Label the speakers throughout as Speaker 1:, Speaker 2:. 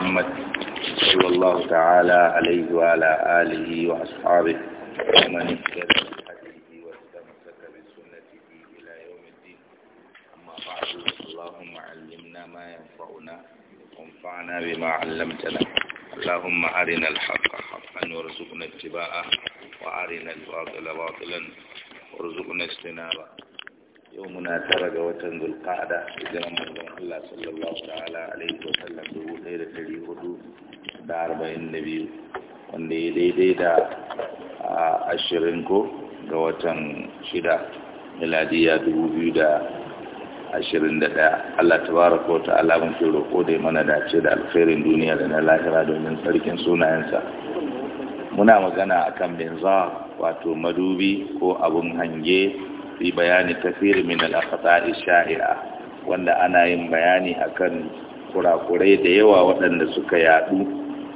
Speaker 1: محمد صلى الله تعالى عليه وعلى آله وأصحابه ومن اهتدى بهديه واستمسك بسنته إلى يوم الدين أما بعد اللهم علمنا ما ينفعنا وانفعنا بما علمتنا اللهم أرنا الحق حقا وارزقنا اتباعه وأرنا الباطل باطلا وارزقنا اجتنابه yau muna tara ga watan zulqa'ada hijiran manzon Allah sallallahu ta'ala alaihi wa sallam dubu ɗaya da ɗari hudu da arba'in da biyu wanda ya daidai da ashirin ko ga watan shida miladiya dubu biyu da ashirin da ɗaya Allah tabaraka wa ta'ala mun fi roƙo da mana dace da alkhairin duniya da na lahira domin sarkin sunayensa muna magana akan benza wato madubi ko abun hange fi bayani ta min al sha'ira wanda ana yin bayani akan kurakurai da yawa waɗanda suka yadu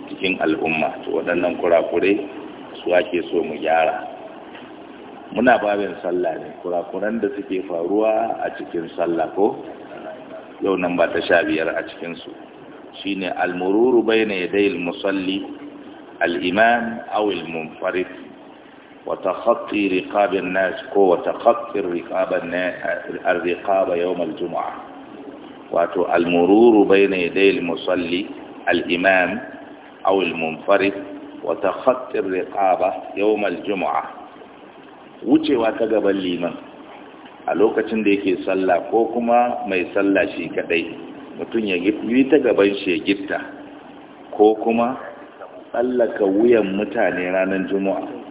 Speaker 1: cikin al'umma to waɗannan kurakurai su ake so mu gyara muna babin sallah ne kurakuran da suke faruwa a cikin sallah ko yau nan ba ta sha biyar a cikinsu shine al-mururu bayna yaday al-musalli al-imam aw al-munfarid وتخطي رقاب الناس كو وتخطي الرقاب الرقاب يوم الجمعة واتو المرور بين يدي المصلي الإمام أو المنفرد وتخطي الرقاب يوم الجمعة wuce wa ta gaban liman a lokacin da yake sallah ko kuma mai sallah shi kadai mutum ya yi ta gaban shi ya gifta ko kuma tsallaka wuyan mutane ranar juma'a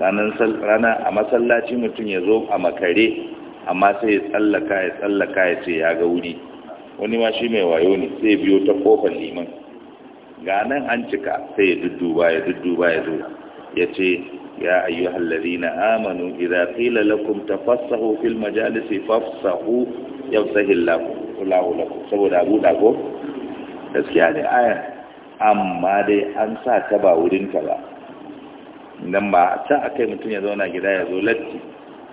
Speaker 1: rana a masallaci mutum ya zo a makare amma sai ya tsallaka ya tsallaka ya ce ya ga wuri wani ma shi mai wayo ne sai biyo ta kofar liman ga nan an cika sai ya dudduba ya dudduba ya zo ya ce ya ayyu hallari na amanu idza qila lakum tafassahu fil majalisi fafsahu yafsahillahu lakum saboda abu da gaskiya ne aya amma dai an sa ta ba wurin ta ba dan ba can akai mutum ya zauna gida ya zo latti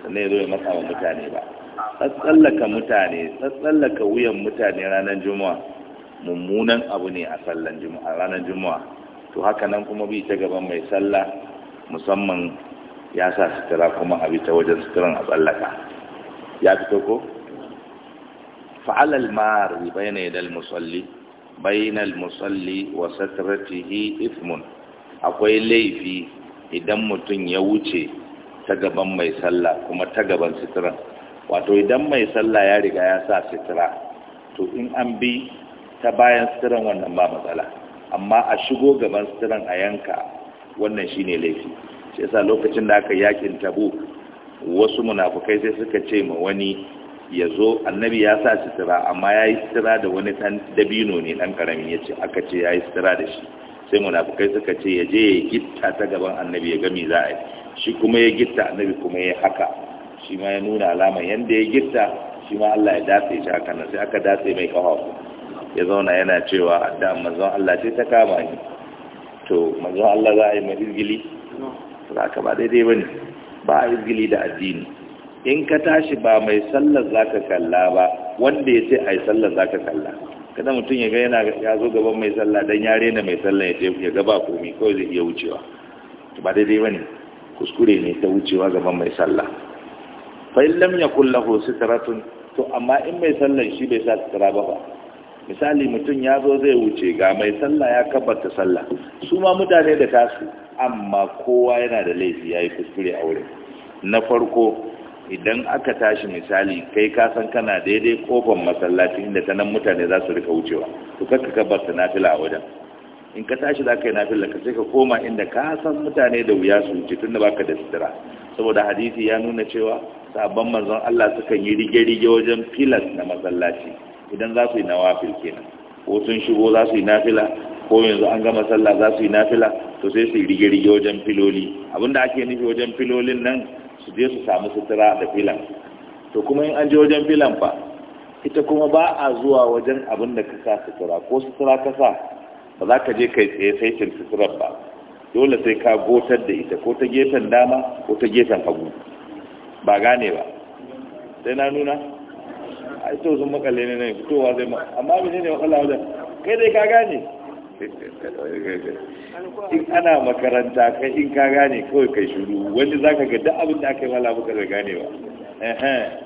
Speaker 1: sannan ya zo ya matsa wa mutane ba tsatsallaka mutane tsatsallaka wuyan mutane ranar juma'a mummunan abu ne a sallan ranar juma'a to haka nan kuma bi ta gaban mai sallah musamman ya sa sutura kuma a bi ta wajen suturan a tsallaka ya fito ko fa'alal mari bayna yadal musalli bayan al musalli wa satratihi ismun akwai laifi idan mutum ya wuce ta gaban mai sallah kuma ta gaban sitira wato idan mai sallah ya riga ya sa sitira to in an bi ta bayan sitiran wannan ba matsala amma a shigo gaban sitiran a yanka wannan shine laifi shi yasa lokacin da aka yakin tabu wasu munafukai sai suka ce ma wani ya zo annabi ya sa sitira amma ya yi sitira da wani dabino ne ɗan ƙaramin ya ce aka ce ya yi sitira da shi sai munafukai suka ce ya je ya gitta ta gaban annabi ya gami za a yi shi kuma ya gitta annabi kuma ya haka shi ma ya nuna alama yadda ya gitta shi ma Allah ya dace shi haka nan sai aka dace mai kawo ya zauna yana cewa da, mazan Allah sai ta kama ni to mazan Allah za a yi mai izgili za ka ba daidai bane ba a izgili da addini in ka tashi ba mai sallar zaka kalla ba wanda ya ce ai sallar zaka kalla kada mutum ya ga yana ya zo gaban mai sallah dan ya rena mai sallah ya ce ya ga ba komai kawai zai iya wucewa to ba daidai bane kuskure ne ta wucewa gaban mai sallah fa in lam yakul lahu sitratun to amma in mai sallah shi bai sa sitra ba ba misali mutum ya zo zai wuce ga mai sallah ya kabbata sallah su ma mutane da tasu amma kowa yana da laifi yayi kuskure a wurin na farko idan aka tashi misali kai ka san kana daidai kofar masallaci inda ta nan mutane za su rika wucewa to kakka ka bar ta nafila a wajen in ka tashi za ka yi nafila ka sai ka koma inda ka san mutane da wuya su wuce tun da baka da sitira saboda hadisi ya nuna cewa sabon manzon Allah sukan yi rige-rige wajen filas na masallaci idan za su yi nawafil kenan ko sun shigo za su yi nafila ko yanzu an gama sallah za su yi nafila to sai su yi rige-rige wajen filoli abinda ake nufi wajen filolin nan su je su samu sutura da filan to kuma in an je wajen filan fa ita kuma ba a zuwa wajen abin da ka sa sutura ko sutura ka sa ba za ka je kai tsaye sai cin suturar ba dole sai ka gotar da ita ko ta gefen dama ko ta gefen hagu ba gane ba sai na nuna a ita sun makalle ne ne fitowa zai ma amma mene ne makala wajen kai dai ka gane in ana makaranta kai in ka gane kawai kai shuru wani zaka ga duk abin da aka yi wala baka da gane ba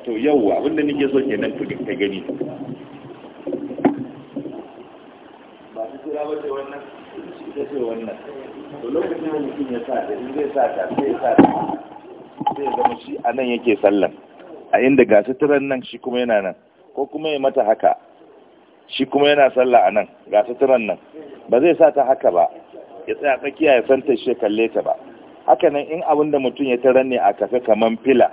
Speaker 1: to yawwa abin da nake so kenan ka gani ba su tura ba ce wannan ita ce wannan to lokacin wani kin ya sa ta in zai sa ta zai sa ta zai zama shi a nan yake sallan a inda ga suturan nan shi kuma yana nan ko kuma ya mata haka shi kuma yana sallah a nan ga suturan nan ba zai sa ta haka ba ya tsaya tsakiya ya santa shi kalle ta ba haka nan in abin da mutum ya tarar ne a kafe kamar fila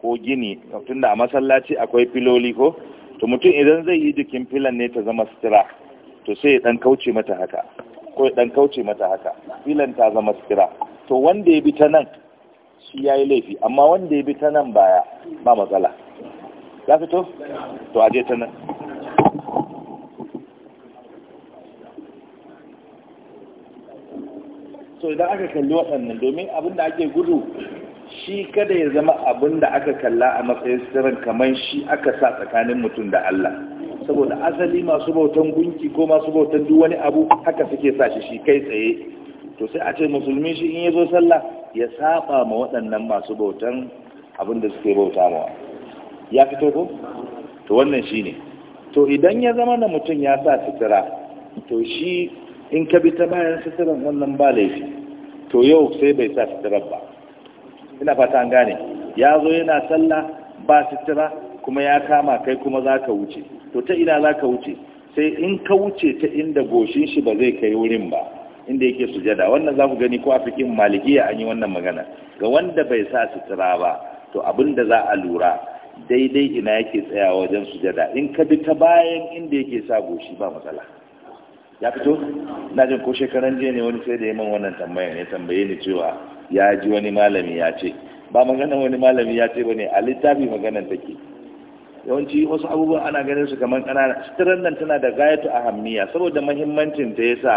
Speaker 1: ko gini da a masallaci akwai filoli ko to mutum idan zai yi jikin filan ne ta zama sutura to sai ya dan kauce mata haka ko ya dan kauce mata haka filan ta zama sutura to wanda ya bi ta nan shi ya yi laifi amma wanda ya bi ta nan baya ba matsala ya fito to aje ta nan so idan aka kalli waɗannan domin abin da ake gudu shi kada ya zama abin da aka kalla a matsayin sirrin kamar shi aka sa tsakanin mutum da Allah saboda asali masu bautan gunki ko masu bautan duk wani abu haka suke sa shi shi kai tsaye to sai a ce musulmi shi in ya sallah ya saba ma waɗannan masu bautan abin da suke bauta mawa ya fito ko to wannan shine to idan ya zama na mutum ya sa sutura to shi in ka bi ta bayan suturan wannan ba laifi to yau sai bai sa sitirar ba ina fata gane ya zo yana sallah ba sitira kuma ya kama kai kuma za ka wuce to ta ina za ka wuce sai in ka wuce ta inda goshin shi ba zai kai wurin ba inda yake sujada wannan za ku gani ko a fikin malikiya an yi wannan magana ga wanda bai sa sitira ba to abin da za a lura daidai ina yake tsayawa wajen sujada in ka bi ta bayan inda yake sa goshi ba matsala ya fito na jin ko shekaran jiya ne wani sai da ya man wannan tambayan ya tambaye ni cewa ya ji wani malami ya ce ba magana wani malami ya ce bane a littafi maganan take yawanci wasu abubuwa ana ganin su kamar kanana sitirar nan tana da gayatu a ahammiya saboda mahimmancin ta sa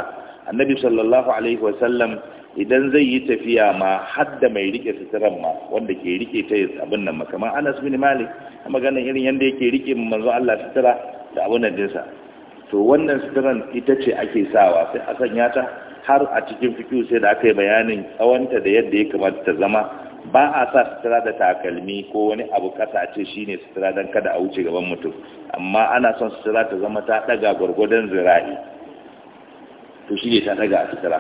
Speaker 1: annabi sallallahu alaihi wasallam idan zai yi tafiya ma hadda mai rike sitiran ma wanda ke rike ta abin nan kamar Anas bin Malik maganan irin yadda yake rike manzo Allah sitira da abin nan dinsa to wannan suturan ita ce ake sawa sai a sanya ta har a cikin fikiyu sai da aka yi bayanin tsawonta da yadda ya kamata ta zama ba a sa sutura da takalmi ko wani abu kasa ce shine sutura don kada a wuce gaban mutum amma ana son sutura ta zama ta daga gwargwadon zira'i to shi ne ta daga a sutura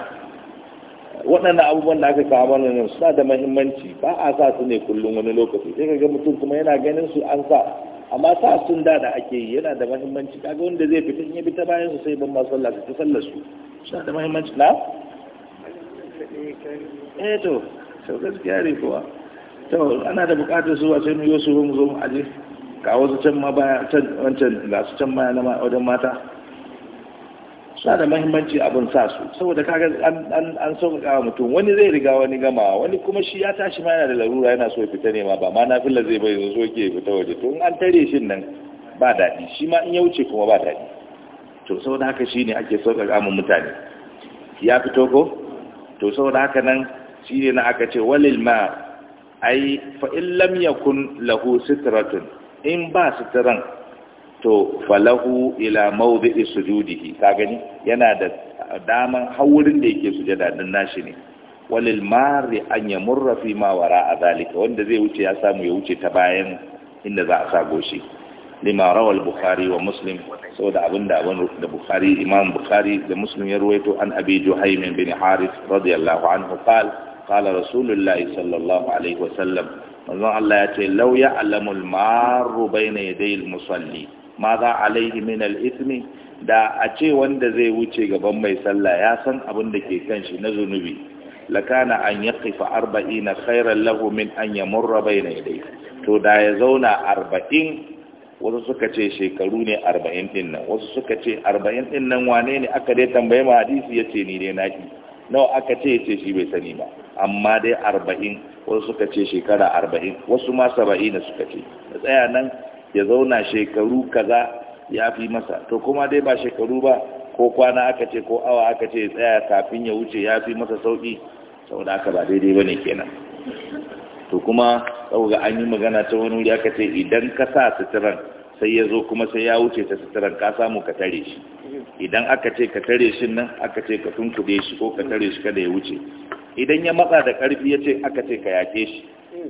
Speaker 1: waɗannan abubuwan da aka kawo mana nan suna da mahimmanci ba a sa su ne kullum wani lokaci sai ka ga mutum kuma yana ganin su an sa amma sa sun da da ake yi yana da mahimmanci kaga wanda zai fita in ya fita bayan su sai ban masu sallah su ta sallar su
Speaker 2: suna da mahimmanci na
Speaker 1: eh to sau gaskiya ne kuwa to ana da bukatar su wace mu yosu mu zo mu aje kawo su can ma baya can wancan ga su can baya na wajen mata suna da mahimmanci abin sa su saboda kaga an sauƙaƙa wa mutum wani zai riga wani gamawa wani kuma shi ya tashi ma yana da larura yana so ya fita ne ma ba ma na filla zai bai zo ke fita waje to in an tare shi nan ba daɗi shi ma in ya wuce kuma ba daɗi to saboda haka shi ne ake sauƙaƙa mu mutane ya fito ko to saboda haka nan shi ne na aka ce walil ma ai fa in yakun lahu sitratun in ba sitran to falahu ila mawdi'i sujudihi ka gani yana da daman haurin da yake sujada din nashi ne walil mari an yamurra fi ma wara zalika wanda zai wuce ya samu ya wuce ta bayan inda za a sa goshi lima rawal bukhari wa muslim saboda abinda abin da bukhari imam bukhari da muslim ya ruwaito an abi juhaym bin harith radiyallahu anhu qal qala rasulullahi sallallahu alaihi wa sallam. manzon Allah ya ce law ya'lamul maru bayna yaday al musalli ma za a min al'ismi da a ce wanda zai wuce gaban mai sallah ya san abin da ke kan shi na zunubi lakana an yaqifa arba'ina khairan lahu min an bai na idai to da ya zauna arba'in wasu suka ce shekaru ne arba'in din nan wasu suka ce arba'in din nan wane ne aka dai tambaye ma hadisi ya ce ni dai naki nawa aka ce ya ce shi bai sani ba amma dai arba'in wasu suka ce shekara arba'in wasu ma saba'ina suka ce da tsaya nan ya zauna shekaru kaza ya fi masa to kuma dai ba shekaru ba ko kwana aka ce ko awa aka ce tsaya kafin ya wuce ya fi masa sauki saboda aka ba daidai bane kenan to kuma saboda an yi magana ta wani wuri aka ce idan ka sa suturan sai ya zo kuma sai ya wuce ta suturan ka samu ka tare shi idan aka ce ka tare shi nan aka ce ka tunkude shi ko ka tare shi kada ya wuce idan ya matsa da karfi ya ce aka ce ka yake shi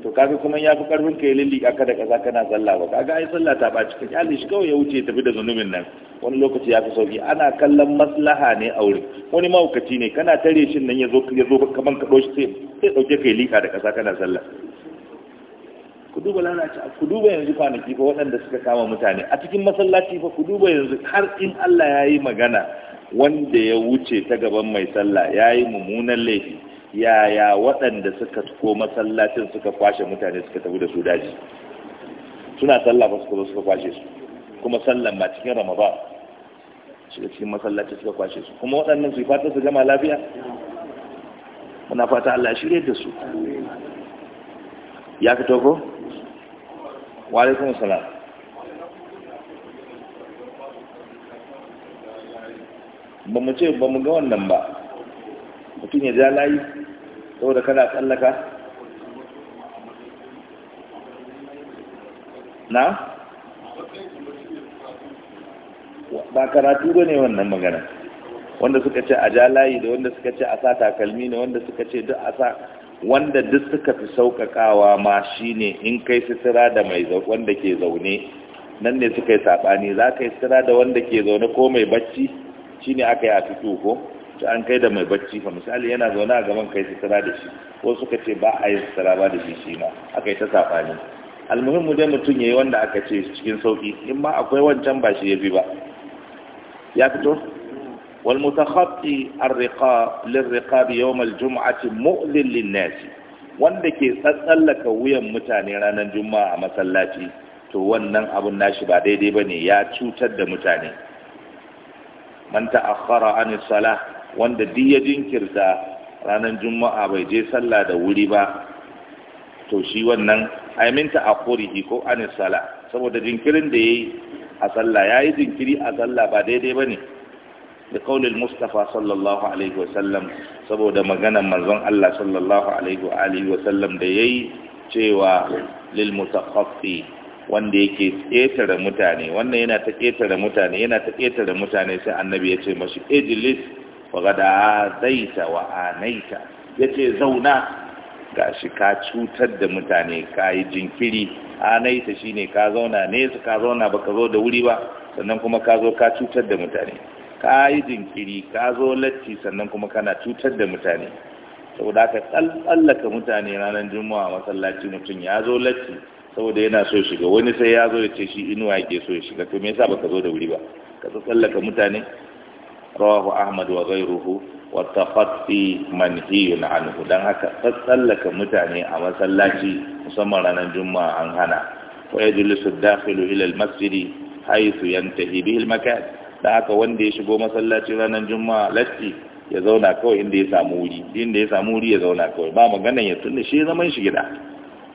Speaker 1: to kaga kuma ya fi karfin kai lilli aka da kaza kana sallah ba kaga ai sallah ta ba cikin kyale shi kawai ya wuce tafi da zunubin nan wani lokaci ya fi sauki ana kallon maslaha ne a wurin wani mahaukaci ne kana tare shi nan ya zo ka zo kaman ka doshi sai sai ka kai lika da ƙasa kana sallah ku duba ku duba yanzu kwanaki fa waɗanda suka kama mutane a cikin masallaci fa ku duba yanzu har in Allah ya yi magana wanda ya wuce ta gaban mai sallah ya yi mummunan laifi yaya waɗanda suka ko masallacin suka kwashe mutane suka tafi da su daji suna sallah ba suka zo suka kwashe su kuma sallan ma cikin ramadan shiga cikin masallaci suka kwashe su kuma waɗannan su fata su gama lafiya muna fata Allah shirye da su ya fito ko Wale kuma salam ba mu ce ba mu ga wannan ba mutum ya ja layi saboda kada tsallaka na ba karatu ba ne wannan magana wanda suka ce a ja layi da wanda suka ce a sa takalmi ne wanda suka ce duk a sa wanda duk suka fi sauƙaƙawa ma shi ne in kai sitira da mai wanda ke zaune nan ne suka yi saɓani za ka yi sitira da wanda ke zaune ko mai bacci ne aka yi a fito ko an kai da mai bacci fa misali yana zaune a gaban kai sutura da shi ko suka ce ba a yi sutura ba da shi shi ma aka yi ta almuhim mu dai mutum ya yi wanda aka ce cikin sauki in ma akwai wancan ba shi ya fi ba ya fito wal mutakhatti ar-riqab lir-riqab yawm al-jum'ati mu'lil lin-nas wanda ke tsatsallaka wuyan mutane ranar juma'a a masallaci to wannan abun nashi ba daidai bane ya cutar da mutane man ta'akhkhara an salah wanda duk ya jinkirta ranar juma'a bai je sallah da wuri ba to shi wannan aiminta a korihi ko anisala sala saboda jinkirin da ya yi a sallah ya yi jinkiri a sallah ba daidai ba ne da kaulil Mustapha sallallahu alaihi wasallam saboda maganan manzon Allah sallallahu alaihi wasallam da ya yi cewa lil mutakhaffi wanda yake ƙetare mutane wannan yana ta ƙetare mutane yana ta ƙetare mutane sai annabi ya ce mashi ejilis wa zai zaita wa anaita ya ce zauna Ga shi ka cutar da mutane ka yi jinkiri anaita shi ne ka zauna ne su ka zauna ba ka zo da wuri ba sannan kuma ka zo ka cutar da mutane ka yi jinkiri ka zo latti sannan kuma kana cutar da mutane saboda aka tsallaka mutane ranar juma'a masallaci mutum ya zo latti saboda yana so shiga wani sai ya zo ya ce shi inuwa yake so ya shiga to me yasa baka zo da wuri ba ka tsallaka mutane rawahu ahmad wa ghayruhu wa taqatti manhiyun anhu dan haka tsallaka mutane a masallaci musamman ranar juma'a an hana wa yajlisu dakhilu ila al-masjid haythu yantahi bihi al-makan dan haka wanda ya shigo masallaci ranar juma'a latti ya zauna kawai inda ya samu wuri inda ya samu wuri ya zauna kawai ba maganan ya tunni shi zaman shi gida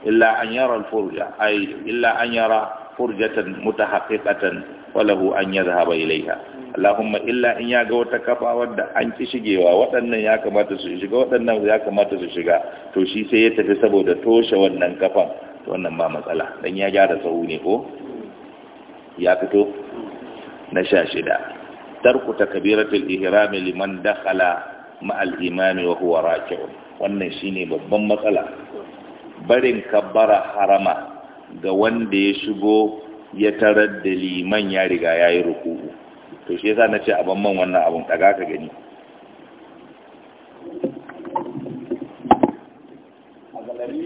Speaker 1: illa an yara al-furja ay illa an yara furjatan mutahaqqiqatan wa lahu an ilayha Allahumma illa in ya ga wata kafa wadda an ki shigewa waɗannan ya kamata su shiga waɗannan ya kamata su shiga to shi sai ya tafi saboda toshe wannan kafan to wannan ba matsala dan ya gyara sahu ne ko ya fito na sha shida tarku takbiratul ihram liman dakhala ma'al imami wa huwa raki'un wannan shine babban matsala barin kabbara harama ga wanda ya shigo ya tarar da liman ya riga yayi ruku'u to shi yasa ce a man wannan abun daga ka gani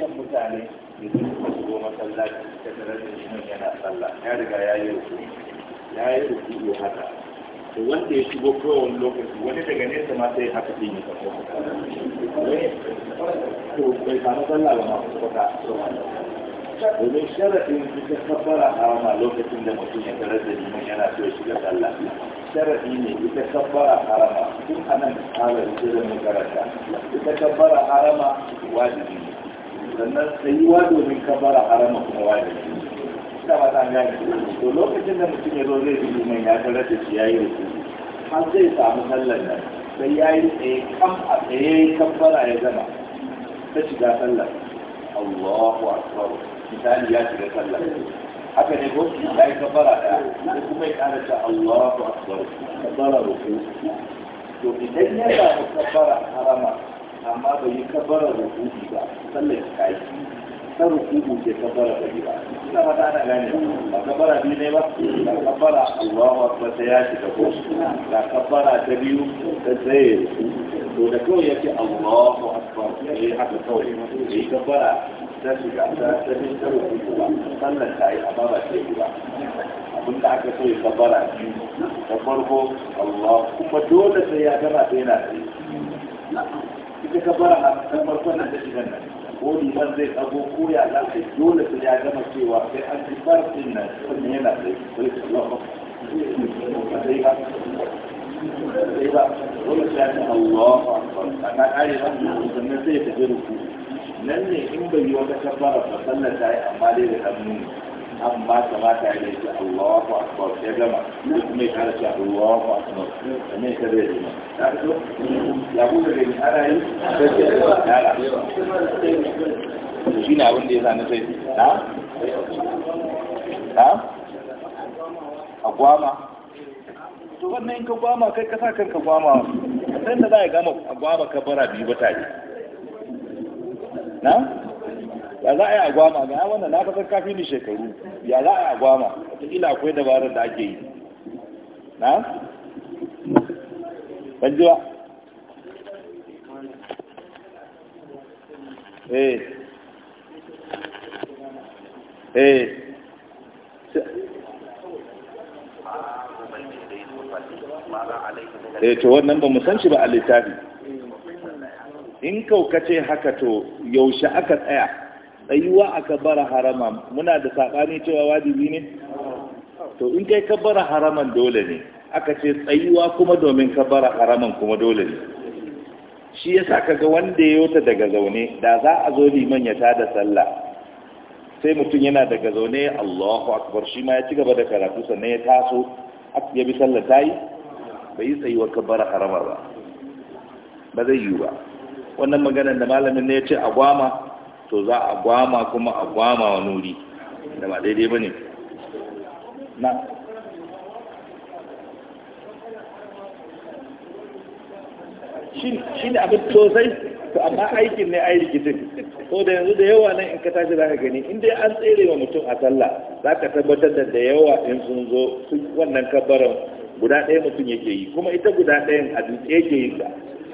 Speaker 1: a mutane da shigo masallaci wanda ya shigo kowane lokaci wani daga nesa ma sai haka ɗin ya tafi ko bai samu sallah ba ma kusa domin sharafin ita kafara harama lokacin da mutum ya tarar da liman yana so ya shiga sallah sharafi ne ita kafara harama tun a nan tsarar jirin makaranta ita kafara harama wajibi ne sannan sayuwa domin kafara harama kuma wajibi ne ta mata gani to lokacin da mutum ya zo zai bi liman ya tarar da shi ya yi rukuni har zai samu sallar nan sai ya yi tsaye kam a tsaye kafara ya zama ta shiga sallar Allahu Akbar misali ya shiga sallah haka ne ko ya yi kabbara ɗaya da kuma ya ƙara ta Allahu akbar kabbara ruku to idan ya samu kabbara harama amma bai yi kabbara ruku ba sallar ta
Speaker 2: yi ta
Speaker 1: ruku ke kabbara ba ba ina fata ana gane ba kabbara biyu ne ba
Speaker 2: da kabbara Allahu akbar ta ya shiga ko da kabbara ta biyu ta tsaye to da kawai yake Allahu akbar ya yi haka kawai ya yi kabbara ta shiga ta ta ne ta rufu ba sannan ta yi amma ba ta yi ba abin da aka so ya kabara biyu da farko Allah kuma dole sai ya gama
Speaker 1: ta yana tsaye ita kabara ta farko nan ta shiga nan ko liman zai tsago ko ya za dole sai ya gama cewa sai an ci farfin nan sannan yana tsaye
Speaker 2: sai Allah ba sai ba sai ba dole sai ya ce Allah ba ana ƙari ba sannan sai ya tafi rufu nan ne in bai yi wata kabbara ba sallar ta yi amma dai da hannu amma kamata ya yi Allahu
Speaker 1: akbar ya gama ne kuma ya kara cewa Allahu akbar ne ka zai yi ta so ya ku da ni ana yi da ke da kara shi na abin da ya sani sai na na a gwama to wannan in ka gwama kai ka sa kanka gwama sai da za a gama gwama kabara biyu ba tare na ya za a yi agwama ga wannan na fasar kafin ni shekaru ya za a yi agwama ila akwai dabarar da ake yi na ban eh eh eh to wannan ba mu san shi ba a littafi in ce haka to yaushe aka tsaya tsayuwa a kabbara harama muna da saɓani cewa wajibi ne to in kai kabbara haraman dole ne aka ce tsayuwa kuma domin kabbara haraman kuma dole ne shi yasa ga wanda ya yota daga zaune da za a zo liman ya tada sallah sai mutum yana daga zaune Allahu akbar shi ma ya ci gaba da karatu sannan ya taso ya bi sallah tayi bai yi tsayuwar kabbara harama ba ba zai yi ba wannan maganar da malamin ne ya ce a gwama to za a gwama kuma a gwama wa nuri da ba daidai ba ne
Speaker 2: shi ne abin sosai to amma aikin ne a yi rikicin ko da yanzu da
Speaker 1: yawa nan in ka tashi ka gani inda ya an tsere wa mutum a sallah ka tabbatar da da yawa in sun zo wannan kabbaran guda ɗaya mutum yake yi kuma ita guda ɗayan a dutse yake yi ta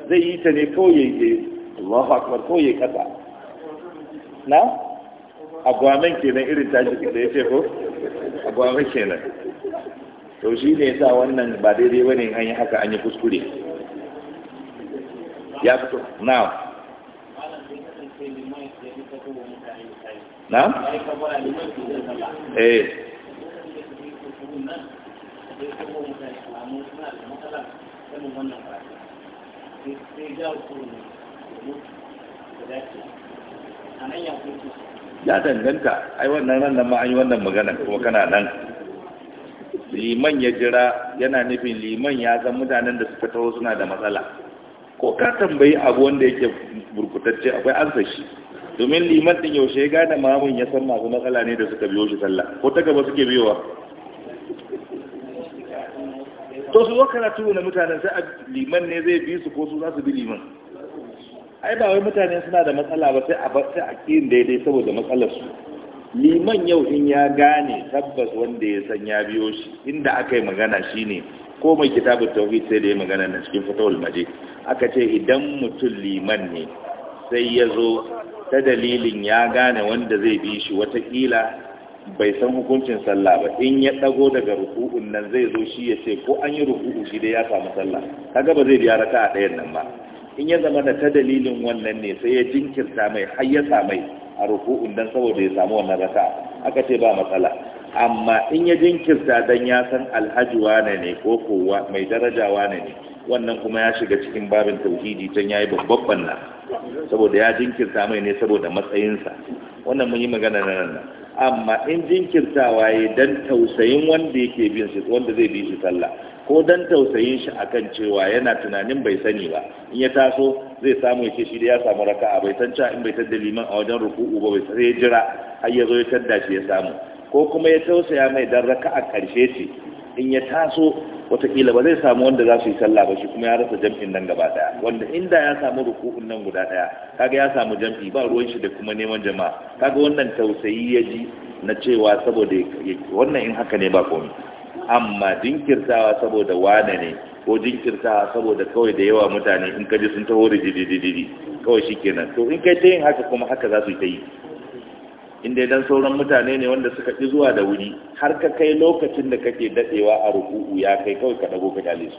Speaker 1: zai yi ta ne ko ya yi Allahu akbar kawai ya kasa na agwamen kenan irin tashi da ya ce ko agwamen kenan to shi ne sa wannan ba daidai bane an yi haka an yi kuskure
Speaker 2: ya fito na na eh Thank you.
Speaker 1: ya danganta ai wannan ran nan ma an wannan magana kuma kana nan liman ya jira yana nufin liman ya san mutanen da suka taho suna da matsala ko ka tambayi abu wanda yake burkutacce akwai ansa shi domin liman din yaushe ya gane mamun ya san masu matsala ne da suka biyo shi sallah ko ta gaba suke biyowa to su kana karatu na mutanen sai a liman ne zai bi su ko su za su bi liman ai ba wai mutane suna da matsala ba sai a bar sai a kiyin daidai saboda matsalar su liman yau in ya gane tabbas wanda ya san ya biyo shi inda aka yi magana shine ko mai kitabun tauhid sai da ya magana na cikin fatawul maje aka ce idan mutum liman ne sai ya zo ta dalilin ya gane wanda zai bi shi watakila bai san hukuncin sallah ba in ya dago daga ruku'un nan zai zo shi ya ce ko an yi ruku'u shi dai ya samu sallah kaga ba zai biya raka a ɗayan nan ba in ya zama da ta dalilin wannan ne sai ya jinkirta mai har ya mai a ruku'un dan saboda ya samu wannan raka aka ce ba matsala amma in ya jinkirta dan ya san alhaji wane ne ko kowa mai daraja wane ne wannan kuma ya shiga cikin babin tauhidi can yayi babban banna saboda ya jinkirta mai ne saboda matsayinsa wannan mun yi magana nan nan amma in jinkirtawa ya dan tausayin wanda yake bin shi wanda zai bi shi sallah ko dan tausayin shi akan cewa yana tunanin bai sani ba in ya taso zai samu ya shi da ya samu raka'a bai san cewa in bai tadda liman a wajen ruku'u ba bai sai jira har ya zo ya tadda shi ya samu ko kuma ya tausaya mai dan raka'a karshe ce in ya taso watakila ba zai samu wanda za su yi sallah ba shi kuma ya rasa jam'in nan gaba daya wanda inda ya samu ruku'un nan guda daya kaga ya samu jam'i ba ruwan shi da kuma neman jama'a kaga wannan tausayi ya ji na cewa saboda wannan in haka ne ba komai amma jinkirtawa saboda wane ne ko jinkirtawa saboda kawai da yawa mutane in kaji sun taho da didi kawai shi kenan to in kai ta yin haka kuma haka za su yi ta yi inda dan sauran mutane ne wanda suka ƙi zuwa da wuri har ka kai lokacin da kake dadewa a ruku'u ya kai kawai ka dago ka kyale su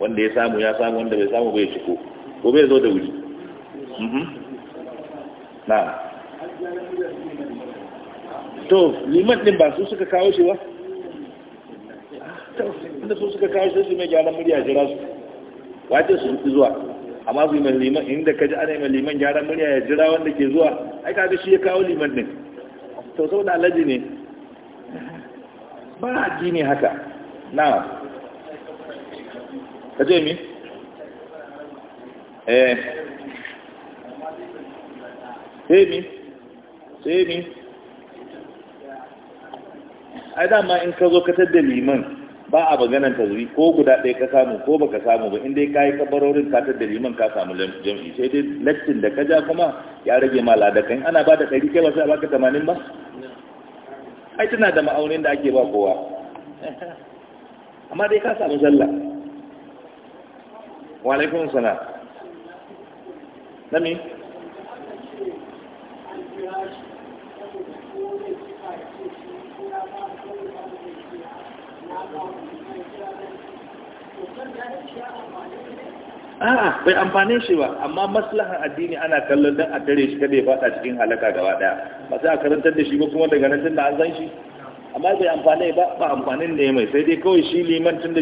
Speaker 1: wanda ya samu ya samu wanda bai samu bai ciko ko bai zo da wuri mhm. na
Speaker 2: to liman
Speaker 1: din ba su suka kawo shi ba to inda su suka kawo shi su mai gyaran murya jira su wace su fi zuwa amma su yi liman inda ka ji ana yi liman gyaran murya ya jira wanda ke zuwa ai ga shi ya kawo liman din to sau da alaji ne
Speaker 2: ba a ji ne haka
Speaker 1: na ka ce mi? eh sai mi sai mi ai dama in ka zo ka tattalin liman ba a maganan tazuri ko guda ɗaya ka samu ko baka samu ba inda ka yi kabarorin ka da liman ka samu jam'i sai dai lattin da ka ja kuma ya rage ma ladakan ana ba da ɗari kai ba sai a baka tamanin ba ai tana da ma'aunin da ake ba kowa amma dai ka samu zalla wa alaikun sana nami a'a bai amfane shi ba amma maslahar addini ana kallon don a tare shi kada ya fada cikin halaka gaba daya ba sai a karantar da shi ba kuma daga nan tun da an san shi amma bai amfane ba ba amfanin da ya mai sai dai kawai shi liman tun da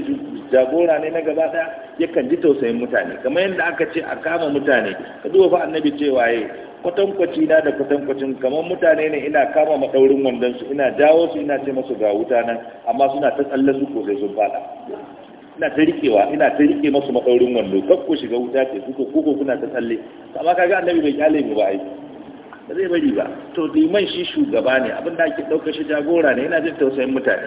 Speaker 1: jagora ne na gaba daya yakan ji tausayin mutane kamar yadda aka ce a kama mutane ka duba fa annabi cewa yayi kwatankwaci na da kwatankwacin kamar mutane ne ina kama maɗaurin wandon su ina jawo su ina ce masu ga wuta nan amma suna ta tsalle su ko sai sun fada ina ta rikewa ina ta rike masu maɗaurin wando kakko shiga wuta ce su ko koko kuna ta tsalle amma kaga annabi bai kyale mu ba ai ba zai bari ba to liman shi shugaba ne abin da ake ɗaukar shi jagora ne ina jin tausayin mutane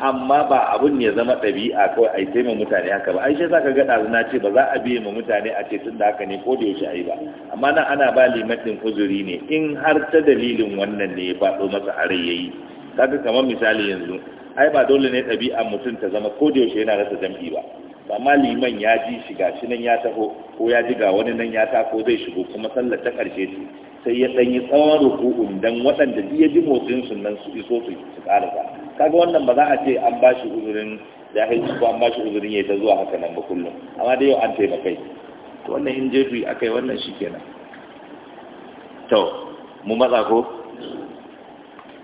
Speaker 1: amma ba abun ya zama ɗabi'a kawai a yi taimaka mutane haka ba aishe za ka ga ɗazu na ce ba za a biya ma mutane a ce tun da haka ne ko da yaushe a yi ba amma nan ana ba limatin kuzuri ne in har ta dalilin wannan ne ya faɗo masa a rai ya yi kaga kamar misali yanzu ai ba dole ne ɗabi'a mutum ta zama ko da yaushe yana rasa jam'i ba ba amma liman ya ji shiga shi nan ya taho ko ya ji ga wani nan ya ko zai shigo kuma sallar ta ƙarshe ce sai ya ɗanyi tsawon ruku'un don waɗanda ya ji motsin su nan su iso su ba. kaga wannan ba za a ce an ba shi uzurin jahilci ko an ba shi uzurin ya ta zuwa haka nan ba kullum amma dai yau an taimakai to wannan in jefi a kai wannan shi kenan to mu matsa ko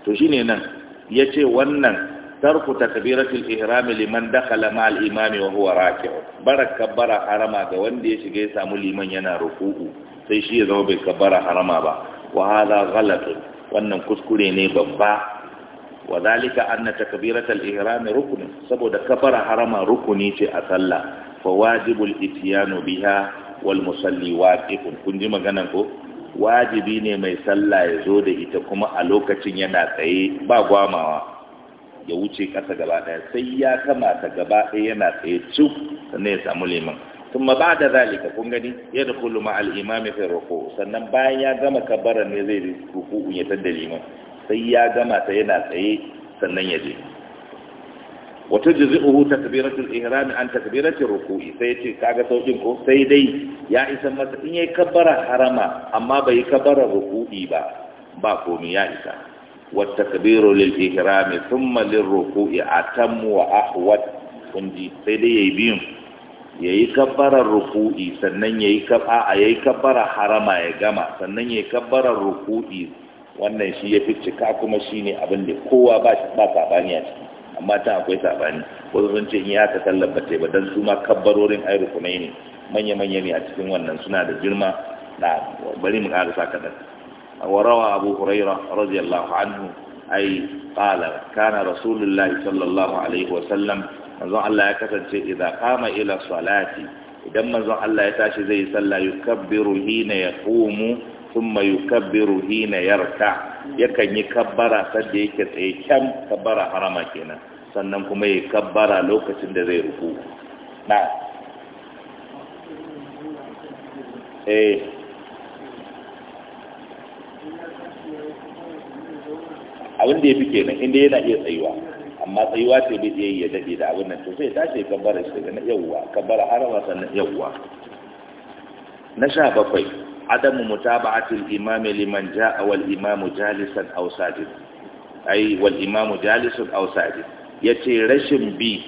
Speaker 1: to shi ne nan ya ce wannan tarku takbiratul ihram liman dakhala ma al imami wa huwa raki'u barak kabbara harama ga wanda ya shiga ya samu liman yana ruku'u sai shi ya zama bai kabbara harama ba wa hadha ghalatun wannan kuskure ne babba wa zalika anna takbiratal ihram rukun saboda kafara harama rukuni ce a sallah fa wajibul itiyanu biha wal musalli waqifun kun ji maganan ko wajibi ne mai sallah ya zo da ita kuma a lokacin yana tsaye ba gwamawa ya wuce kasa gaba daya sai ya kama ta gaba daya yana tsaye cuk sannan ya samu liman ثم بعد ذلك kun gani yadkhulu ma al-imam fi ruku sannan bayan ya gama kabara ne zai yi ruku ya tada liman sai ya gama ta yana tsaye sannan ya je wa tajzi'uhu takbiratul ihram an takbiratir ruku'i sai ce kaga saukin ko sai dai ya isa masa in yayi kabara harama amma bai yi kabara ruku'i ba ba komai ya isa wa takbiru lil ihram thumma lirruku'i atammu wa ahwat kun ji sai dai yayi biyun yayi kabbarar ruku'i sannan ya yi kabbarar harama ya gama sannan yayi kabbarar ruku'i wannan shi ya fi cika kuma shine abin da kowa ba shi ba sabani a ciki amma ta akwai sabani wasu sun ce in ya ta bace ba dan su ma kabbarorin ai rukunai ne manya manya ne a cikin wannan suna da girma na bari mu karasa kadan وروى أبو manzon Allah ya kasance idza qama ila salati idan manzon Allah ya tashi zai yi sallah yukabbiru hina yaqumu thumma yukabbiru hina yarka yakan yi kabbara sadda yake tsaye kan kabbara harama kenan sannan kuma ya kabbara lokacin da zai ruku na eh
Speaker 2: abin da ya kenan inda yana
Speaker 1: iya tsayuwa amma tsayuwa ce bai iya yi ya daɗe da abin nan to sai tashi ya kabbara shi daga na yawwa kabbara harama sannan yawwa na sha bakwai adamu mutaba'atil imami liman ja'a wal imamu jalisan aw sajid ai wal imamu jalisan aw sajid yace rashin bi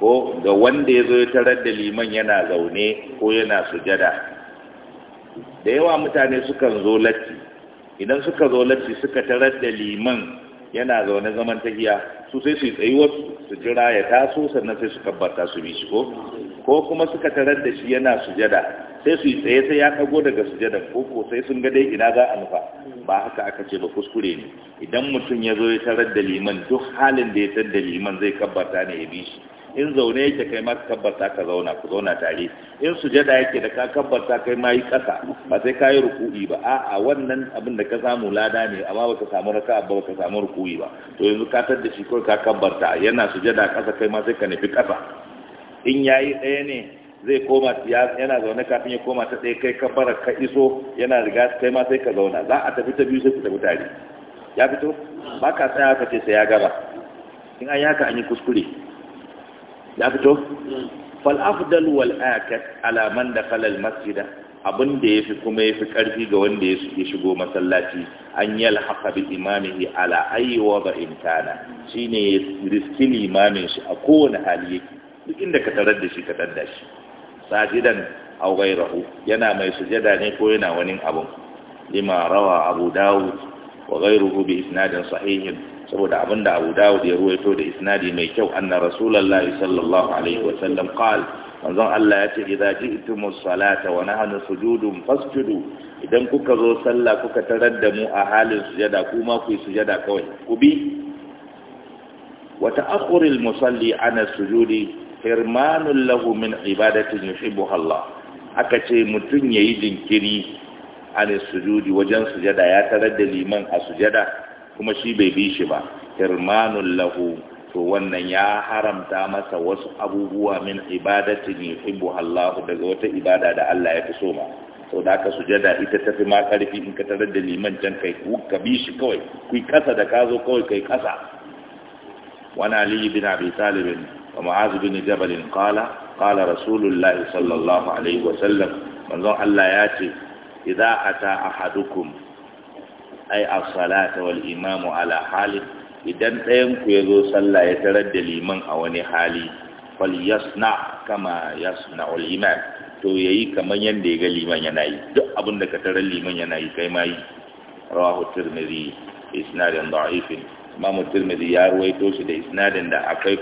Speaker 1: ko ga wanda yazo ya tarar da liman yana zaune ko yana sujada da yawa mutane sukan zo latti idan suka zo latti suka tarar da liman yana zaune zaman hiya su sai su yi tsayuwar su jira ya taso sannan sai su kabbata su bi shi ko ko kuma suka tarar da shi yana sujada sai su yi tsaye sai ya kago daga sujada ko ko sai sun ga dai ina za a nufa ba haka aka ce ba kuskure ne idan mutum ya zo ya tarar da liman duk halin da ya tarar da liman zai kabbata ne ya bi shi in zaune yake kai ma ka ka zauna ku zauna tare in sujada yake da ka tabbata kai ma yi kasa ba sai ka yi ruku'i ba a'a wannan abin da ka samu lada ne amma baka samu raka ba baka samu ruku'i ba to yanzu ka tar da shi ko ka tabbata yana sujada kasa kai ma sai ka nufi kasa in yayi ɗaya ne zai koma yana zaune kafin ya koma ta ɗaya kai kabbara ka iso yana riga kai ma sai ka zauna za a tafi ta biyu sai ku tafi tare ya fito ba ka tsaya ka ce sai ya gaba in an yaka an yi kuskure ya fito hmm. fal'afdal wal'akat alaman da falal masjida abin da ya fi kuma ya fi ƙarfi ga wanda ya shigo masallaci an yi alhaka bi imamihi ala ayyawa ba imkana shi ne ya riski limamin shi a kowane hali yake duk inda ka tarar da shi ka tarar shi sajidan aw ghayrahu yana mai sujada ne ko yana wani abun lima rawa abu dawud wa ghayruhu bi isnadin sahihin saboda abin da abu dawud ya ruwaito da isnadi mai kyau anna rasulullah sallallahu alaihi wa sallam qal manzon Allah ya ce idza ji'tumus salata wa nahnu sujudun fasjudu idan kuka zo sallah kuka tarar da mu a halin sujada kuma ku yi sujada kawai ku bi wa ta'akhkhurul musalli ana sujudi hirmanun lahu min ibadatin yuhibbuha Allah aka ce mutun yayi jinkiri ana sujudi wajen sujada ya tarar da liman a sujada kuma shi bai bi shi ba hirmanun lahu to wannan ya haramta masa wasu abubuwa min ibadatin Ibu Allahu! daga wata ibada da Allah ya fi so ma sau da aka sujada ita tafi ma karfi in ka tarar da liman can kai ka bi shi kawai ku kasa da ka zo kawai kai kasa wani aliyu bin abi talibin wa ma'azu bin jabalin qala qala rasulullahi sallallahu alaihi wa sallam manzon Allah ya ce idza ata ahadukum ai as-salata wal imamu ala hali idan ɗayan ku ya zo sallah ya tarar da liman a wani hali fal yasna kama yasna al imam to yayi kaman yanda ya ga liman yana yi duk abin da ka tarar liman yana yi kai ma yi rawahu tirmidhi isnadin da'ifin imamu tirmidhi ya ruwaito shi da isnadin da akwai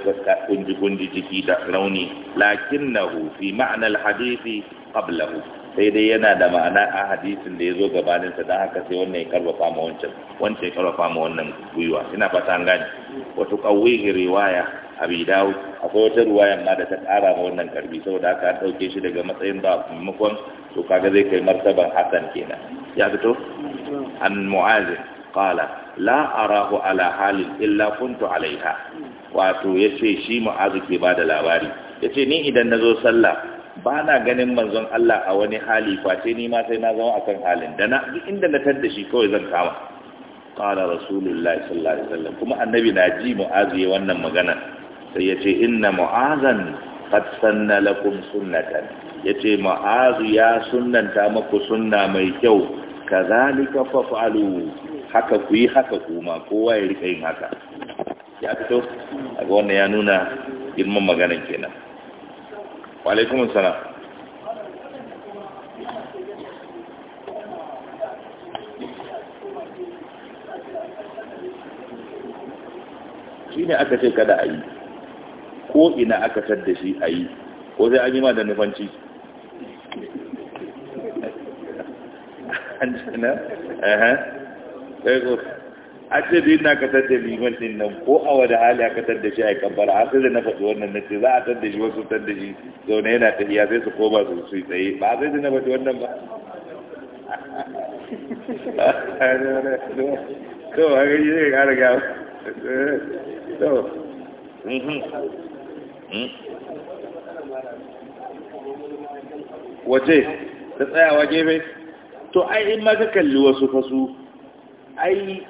Speaker 1: kunji kunji jiki da rauni lakinnahu fi ma'anar hadisi qablahu sai dai yana da ma'ana a hadisin da ya zo gabaninsa don haka sai wannan ya karfafa ma wancan wancan ya karfafa ma wannan gwiwa ina fata an gane wato kawai riwaya abi dawo akwai wata ruwayan ma da ta kara ma wannan karbi saboda haka an ɗauke shi daga matsayin ba maimakon to kaga zai kai martaban hasan kenan ya fito an mu'azi qala la arahu ala halin illa kuntu alaiha wato yace shi mu'azu ke bada labari yace ni idan nazo sallah ba na ganin manzon Allah a wani hali face ni ma sai na zama akan halin da na duk inda na tada shi kawai zan kama qala rasulullahi sallallahu alaihi wasallam kuma annabi na ji mu'azi wannan magana sai ya ce inna mu'azan qad sanna lakum sunnatan yace mu'azi ya sunnanta muku sunna mai kyau kazalika fa'alu haka ku yi haka kuma kowa ya rika yin haka ya fito a wannan ya nuna girman maganar kenan wa السلام sana ne aka ce kada a yi ko ina aka tadda shi a yi ko sai an yi ma da nufanci an ce na? a ce da yana katar da liman din nan ko a wada hali a katar da shi a kabbara har sai da na faɗi wannan na ce za a tar da shi wasu tar da shi zaune yana tafiya sai su koma su su tsaye ba sai da na faɗi wannan ba
Speaker 2: to a ga yi zai kara gawa to mm-hmm. Mm-hmm. wace
Speaker 1: ta tsayawa gefe to ai in ma ka kalli wasu fasu ai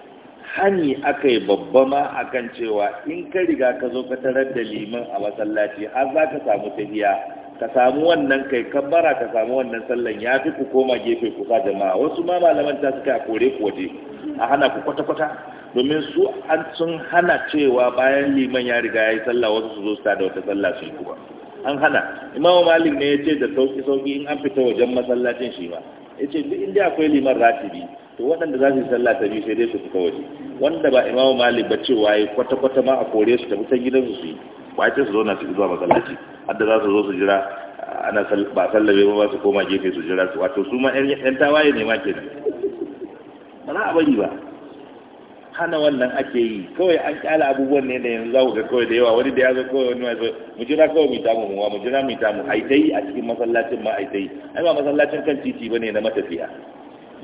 Speaker 1: hani aka yi babba ma akan cewa in ka riga ka zo ka tarar da liman a masallaci har za ka samu tafiya ka samu wannan kai kabbara ka samu wannan sallan ya fi ku koma gefe ku sa jama'a wasu ma malaman ta suka kore ku waje a hana ku kwata-kwata domin su an sun hana cewa bayan liman ya riga ya yi sallah wasu su zo su da wata sallah su yi kuma an hana imamu malik ne ya ce da sauki-sauki in an fita wajen masallacin shi ma ya ce duk inda akwai liman ratibi to waɗanda za su yi sallah ta biyu sai dai su fita waje wanda ba imamu malik ba cewa ya kwata kwata ma a kore su tafi can gidansu su yi ba ce su zauna su zuwa masallaci hadda za su zo su jira ana ba sallabe ba su koma gefe su jira su wato su ma yan tawaye ne ma kenan ba za a bari ba hana wannan ake yi kawai an kyala abubuwan ne da yanzu za ga kawai da yawa wani da ya zo kawai wani mai mu jira kawai mu tamu mu mu jira mu tamu ta dai a cikin masallacin ma a ta dai ai ba masallacin kan titi ba ne na matafiya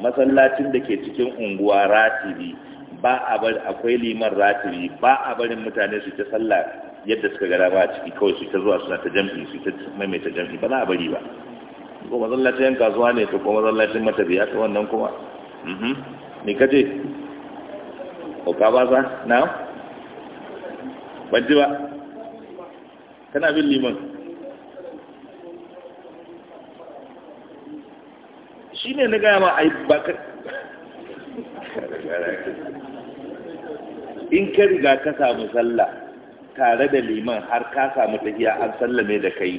Speaker 1: masallacin da ke cikin unguwa ratibi ba a bari akwai liman ratibi ba a barin mutane su ta sallah yadda suka gara ba a ciki kawai su ta zuwa suna ta jam'i su ta maimaita jam'i ba za a bari ba ko masallacin kasuwa ne ko masallacin matafiya ta wannan kuma
Speaker 2: ni mhm,
Speaker 1: ka ce ko ka ba za na ban ji ba kana bin liman shi ne na gaya ma a yi bakar in ka riga ka samu sallah tare da liman har ka samu tafiya an sallame da kai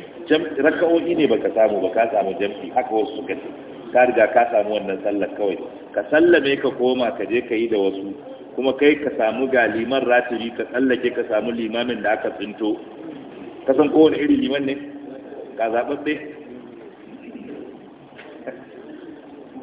Speaker 1: raka'o'i ne ba ka samu ba ka samu jamfi haka wasu suka ce ka riga ka samu wannan sallar kawai ka sallame ka koma ka je ka yi da wasu kuma kai ka samu ga liman ratiri ka tsallake ka samu limamin da aka tsinto ka san kowane irin liman ne ka zaɓaɓɓe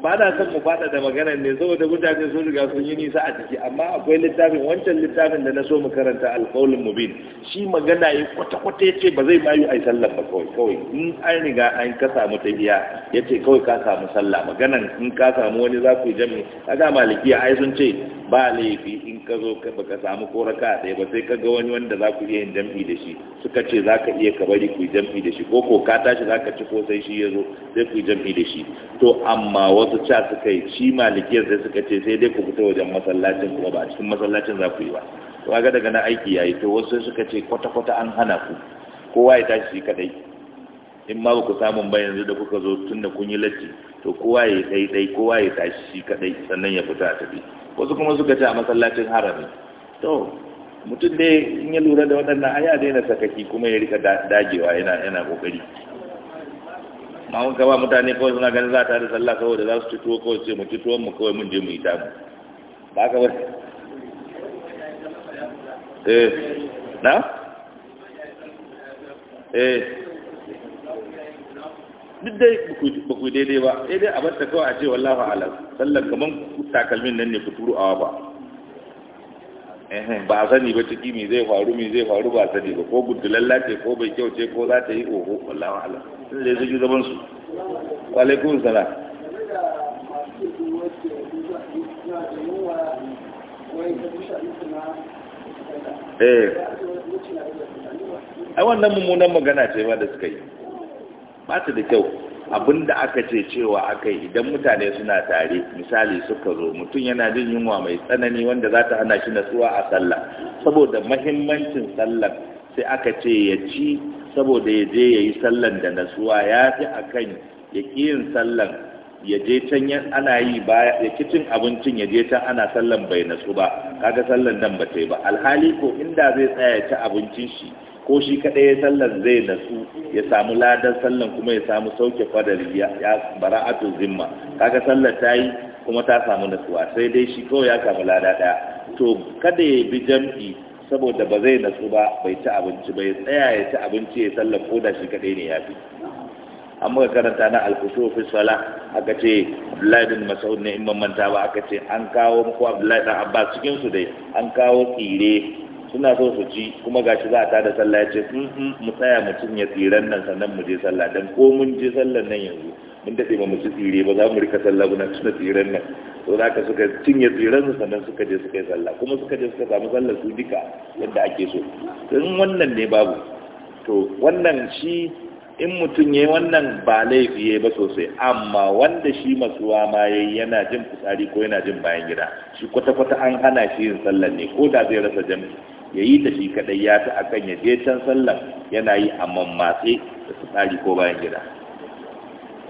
Speaker 1: ba na son mu faɗa da maganar ne saboda mutane sun riga sun yi nisa a ciki amma akwai littafin wancan littafin da na so mu karanta alƙawlin mubin shi magana ya kwata-kwata ya ce ba zai bayu a yi sallah ba kawai kawai in an riga an ka samu tafiya ya ce kawai ka samu sallah maganan in ka samu wani za ku yi jami'i kaga malikiya ai sun ce ba laifi in ka zo ka ka samu ko raka ɗaya ba sai ka ga wani wanda za ku iya yin jam'i da shi suka ce za ka iya ka bari ku yi jam'i da shi ko ko ka tashi za ka ci ko sai shi ya zo sai ku yi jam'i da shi to amma wasu ca suka yi shi malikiyar sai suka ce sai dai ku fita wajen masallacin kuma ba a cikin masallacin za ku yi ba to ga daga nan aiki yayi to wasu suka ce kwata-kwata an hana ku kowa ya tashi shi kadai in ma ku samun ba yanzu da kuka zo tun da kun yi latti to kowa ya dai dai kowa ya tashi shi kadai sannan ya fita a tafi wasu kuma suka ce a masallacin harami to mutum dai in ya lura da waɗannan ai ya daina sakaki kuma ya rika dagewa yana yana kokari ma mun ka ba mutane kawai suna ganin za ta da sallah saboda za su ci tuwo kawai ce mu ci tuwon mu kawai mun je mu yi mu. ba ka ba eh na eh duk dai ba ku daidai ba sai eh, dai a bar ta kawai a ce wallahu alam sallan kaman takalmin nan ne ku awa ba ba a sani ba ciki mai zai faru mai zai faru ba a sani ba ko gudulalla ce ko bai kyauce ko za ta yi oho wallahu alam sun da su zaman su walaikun sana eh ai wannan mummunan magana ce ba da suka yi ba ta da kyau abin da aka ce cewa aka yi idan mutane suna tare misali suka zo mutum yana jin yunwa mai tsanani wanda za ta hana shi natsuwa a sallah saboda mahimmancin sallah sai aka ce ya ci saboda ya je ya yi sallan da natsuwa ya fi a kan ya ƙi yin sallan ya je can ana yi ba ya cin abincin ya je can ana sallan bai natsu ba kaga sallan nan ba ta yi ba alhali ko inda zai tsaya ya ci abincin shi ko shi kaɗai ya sallar zai nasu ya samu ladan sallar kuma ya samu sauke fadar ya bara'atu zimma kaga sallar ta yi kuma ta samu nasuwa sai dai shi kawai ya samu lada ɗaya to kada ya bi jam'i saboda ba zai nasu ba bai ci abinci bai tsaya ya ci abinci ya sallar ko da shi kaɗai ne ya fi an muka karanta na alkushu fi sala aka ce Abdullahi bin ne in manta ba aka ce an kawo ko Abdullahi dan Abbas cikin su dai an kawo tsire suna so su ji kuma gashi za a tada sallah ya ce mhm, mu tsaya mu ya tsiran nan sannan mu je sallah dan ko mun je sallah nan yanzu mun dade ba mu ci tsire ba za mu rika sallah muna tuna tsiran nan to za ka suka cinye tsiran sannan suka je suka yi sallah kuma suka je suka samu sallah su duka yadda ake so in wannan ne babu to wannan shi in mutum ya wannan ba laifi ya ba sosai amma wanda shi masuwa ma ya yana jin fitsari ko yana jin bayan gida shi kwata-kwata an hana shi yin sallah ne ko da zai rasa jami'i ya yi ta shi kadai ya ta akan ya je can sallar yana yi a mammatse da su tsari ko bayan gida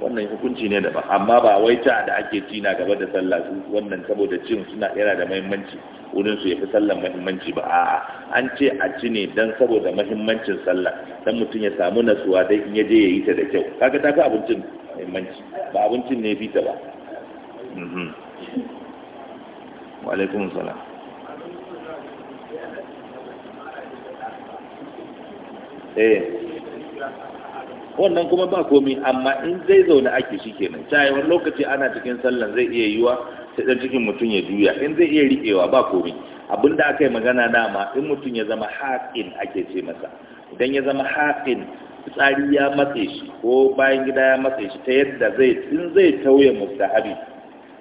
Speaker 1: wannan hukunci ne daban amma ba wai ta da ake ci na gaba da sallah su wannan saboda cin suna yana da mahimmanci wurin su fi sallar mahimmanci ba a'a an ce a ci ne don saboda mahimmancin sallah don mutum ya samu nasuwa dai in ya je ya yi ta da kyau kaga ta fi abincin mahimmanci ba abincin ne fita ba mhm. wa alaikum salam ɗaya eh. wannan kuma ba komi amma in zai zaune ake shi kenan ta wani lokaci ana cikin sallan zai iya yiwa sai dan cikin mutum ya juya in zai iya riƙewa ba komi da aka yi magana dama in mutum ya zama haƙin ake ce masa idan ya zama haƙin tsari ya matse shi ko bayan gida ya matse shi ta yadda zai in zai tauye mustahabi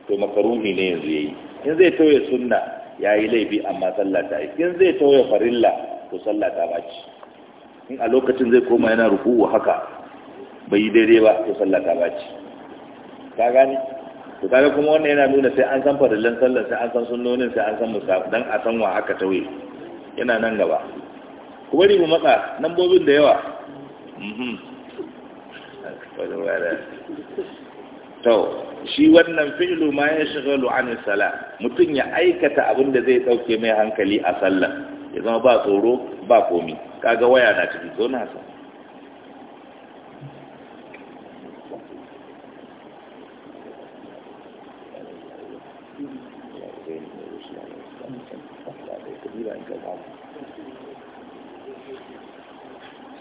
Speaker 1: to makaruni ne yanzu yayi in zai tauye sunna yayi laifi amma sallah ta yi in zai tauye farilla to sallah ta baci in a lokacin zai koma yana ruku'u haka bai yi daidai ba ko sallata ba ce ka gani to kaga kuma wannan yana nuna sai an san farillan sallar sai an san sunnonin sai an san musa dan a san wa aka tawaye yana nan gaba kuma ribu matsa nambobin da yawa mhm. to shi wannan fi'lu ma ya shigalu an sala mutum ya aikata abin da zai dauke mai hankali a sallah ya zama ba tsoro ba komi kaga waya na ciki zo na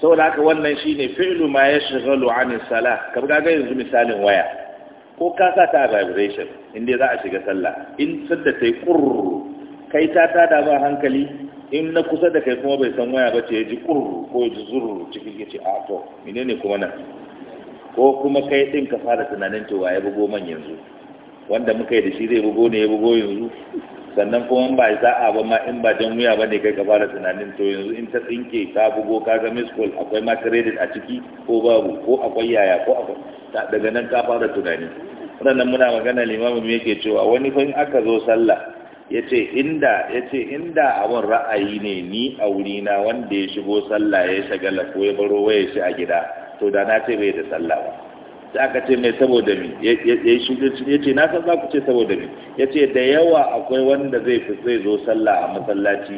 Speaker 1: Sau saboda haka wannan shine fi'lu ma ya 'an as sala kamar ga yanzu misalin waya ko ka sa ta vibration inda za a shiga sallah in sadda yi qurr kai ta tada ba hankali in na kusa da kai kuma bai san waya ba ce ya ji kurru ko ya ji zurru cikin ya ce a to menene kuma nan ko kuma kai din ka fara tunanin cewa ya bugo man yanzu wanda muka yi da shi zai bugo ne ya bugo yanzu sannan kuma ba za'a ba ma in ba jan wuya ba ne kai ka fara tunanin to yanzu in ta tsinke ka bugo ka ga miss call akwai ma credit a ciki ko babu ko akwai yaya ko akwai daga nan ka fara tunani sannan muna magana limamin yake cewa wani fa in aka zo sallah yace inda yace inda abun ra'ayi ne ni a wurina wanda ya shigo sallah ya shagala ko ya baro waya shi a gida to da na ce bai da sallah ba sai aka ce mai saboda mi ya shigo yace na san za ku ce saboda mi yace da yawa akwai wanda zai fi zai zo sallah a masallaci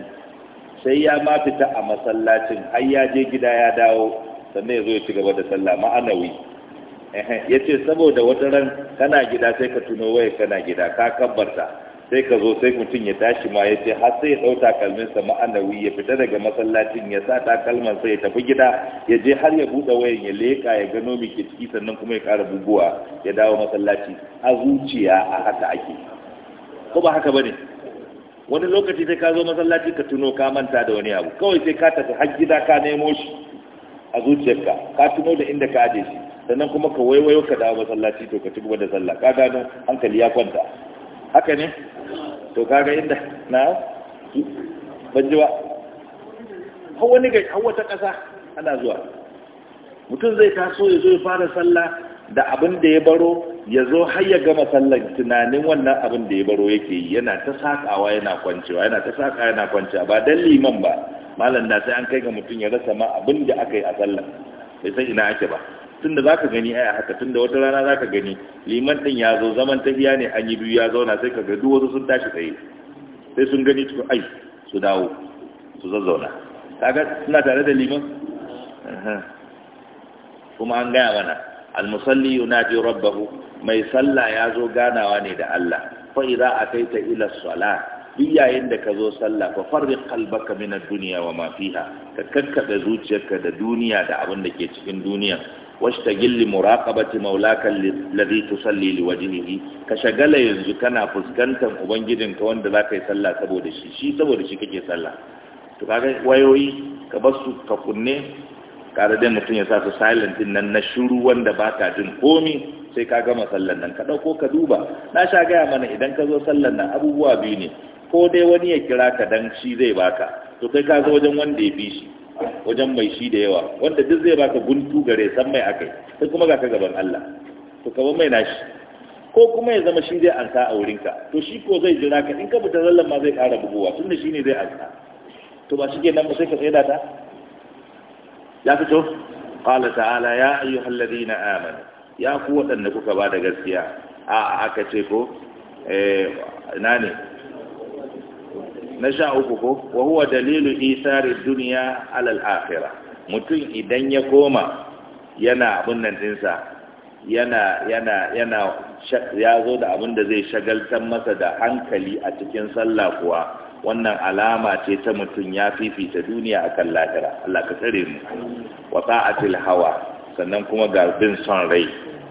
Speaker 1: sai ya ma fita a masallacin har ya je gida ya dawo sannan ya zo ya ci gaba da sallah ma'anawi ya ce saboda wata ran kana gida sai ka tuno waya kana gida ka kabbarta sai ka zo sai mutum ya tashi ma ya ce har sai ya ɗau takalminsa ma'anawi ya fita daga masallacin ya sa sa ya tafi gida ya je har ya buɗe wayan ya leƙa ya gano mai ke ciki sannan kuma ya ƙara buguwa ya dawo masallaci a zuciya a haka ake ko ba haka bane wani lokaci sai ka zo masallaci ka tuno ka manta da wani abu kawai sai ka tafi har gida ka nemo shi a zuciyarka ka tuno da inda ka aje shi sannan kuma ka waiwayo ka dawo masallaci to ka ci da sallah ka gano hankali ya kwanta haka ne to kaga inda na ban ji ba wani ga har wata ƙasa ana zuwa mutum zai taso ya zo ya fara sallah da abin da ya baro ya zo har ya gama sallar tunanin wannan abin da ya baro yake yi yana ta sakawa yana kwancewa yana ta sakawa yana kwancewa ba dan liman ba malam na sai an kai ga mutum ya rasa ma abin da aka yi a sallah bai san ina ake ba tunda za ka gani ai haka tunda wata rana za ka gani liman ɗin ya zo zaman tafiya ne an yi biyu ya zauna sai ka ga duk wasu sun tashi tsaye sai sun gani cikin ai su dawo su zazzauna kaga suna tare da liman kuma an gaya mana almusalli yunaji rabbahu mai sallah ya zo ganawa ne da Allah fa idza ataita ila salat duk yayin da ka zo sallah fa farri qalbaka min ad-dunya wa ma fiha ka kakkabe zuciyarka da duniya da abin da ke cikin duniya washtagil li muraqabati maulaka alladhi tusalli li wajhihi ka shagala yanzu kana fuskantar ubangijinka wanda zaka yi sallah saboda shi shi saboda shi kake sallah to kaga wayoyi ka bar su ka kunne kada dai mutum ya sa su silent din nan na shiru wanda baka jin komi sai ka gama sallan nan ka dauko ka duba na sha gaya mana idan ka zo sallan nan abubuwa biyu ne ko dai wani ya kira ka dan shi zai baka to kai ka zo wajen wanda ya bi shi wajen mai shi da yawa wanda duk zai baka guntu gare san mai akai sai kuma ga ka gaban Allah to kaman mai nashi ko kuma ya zama shi zai ansa a wurinka to shi ko zai jira ka in ka fita zallan ma zai kara buguwa tunda shi ne zai ansa to ba shi ke nan ba sai ka tsaida ta ya fito qala ta'ala ya ayyuhal ladina amanu ya ku wadanda kuka ba da gaskiya a aka ce ko eh ne na sha uku ko wa huwa dalilu isari duniya alal akhirah mutum idan ya koma yana abun dinsa yana yana yana ya zo da abun da zai shagaltar masa da hankali a cikin sallah kuwa wannan alama ce ta mutum ya fifita duniya akan lahira Allah ka tsare mu wa ta'atil hawa sannan kuma ga bin son rai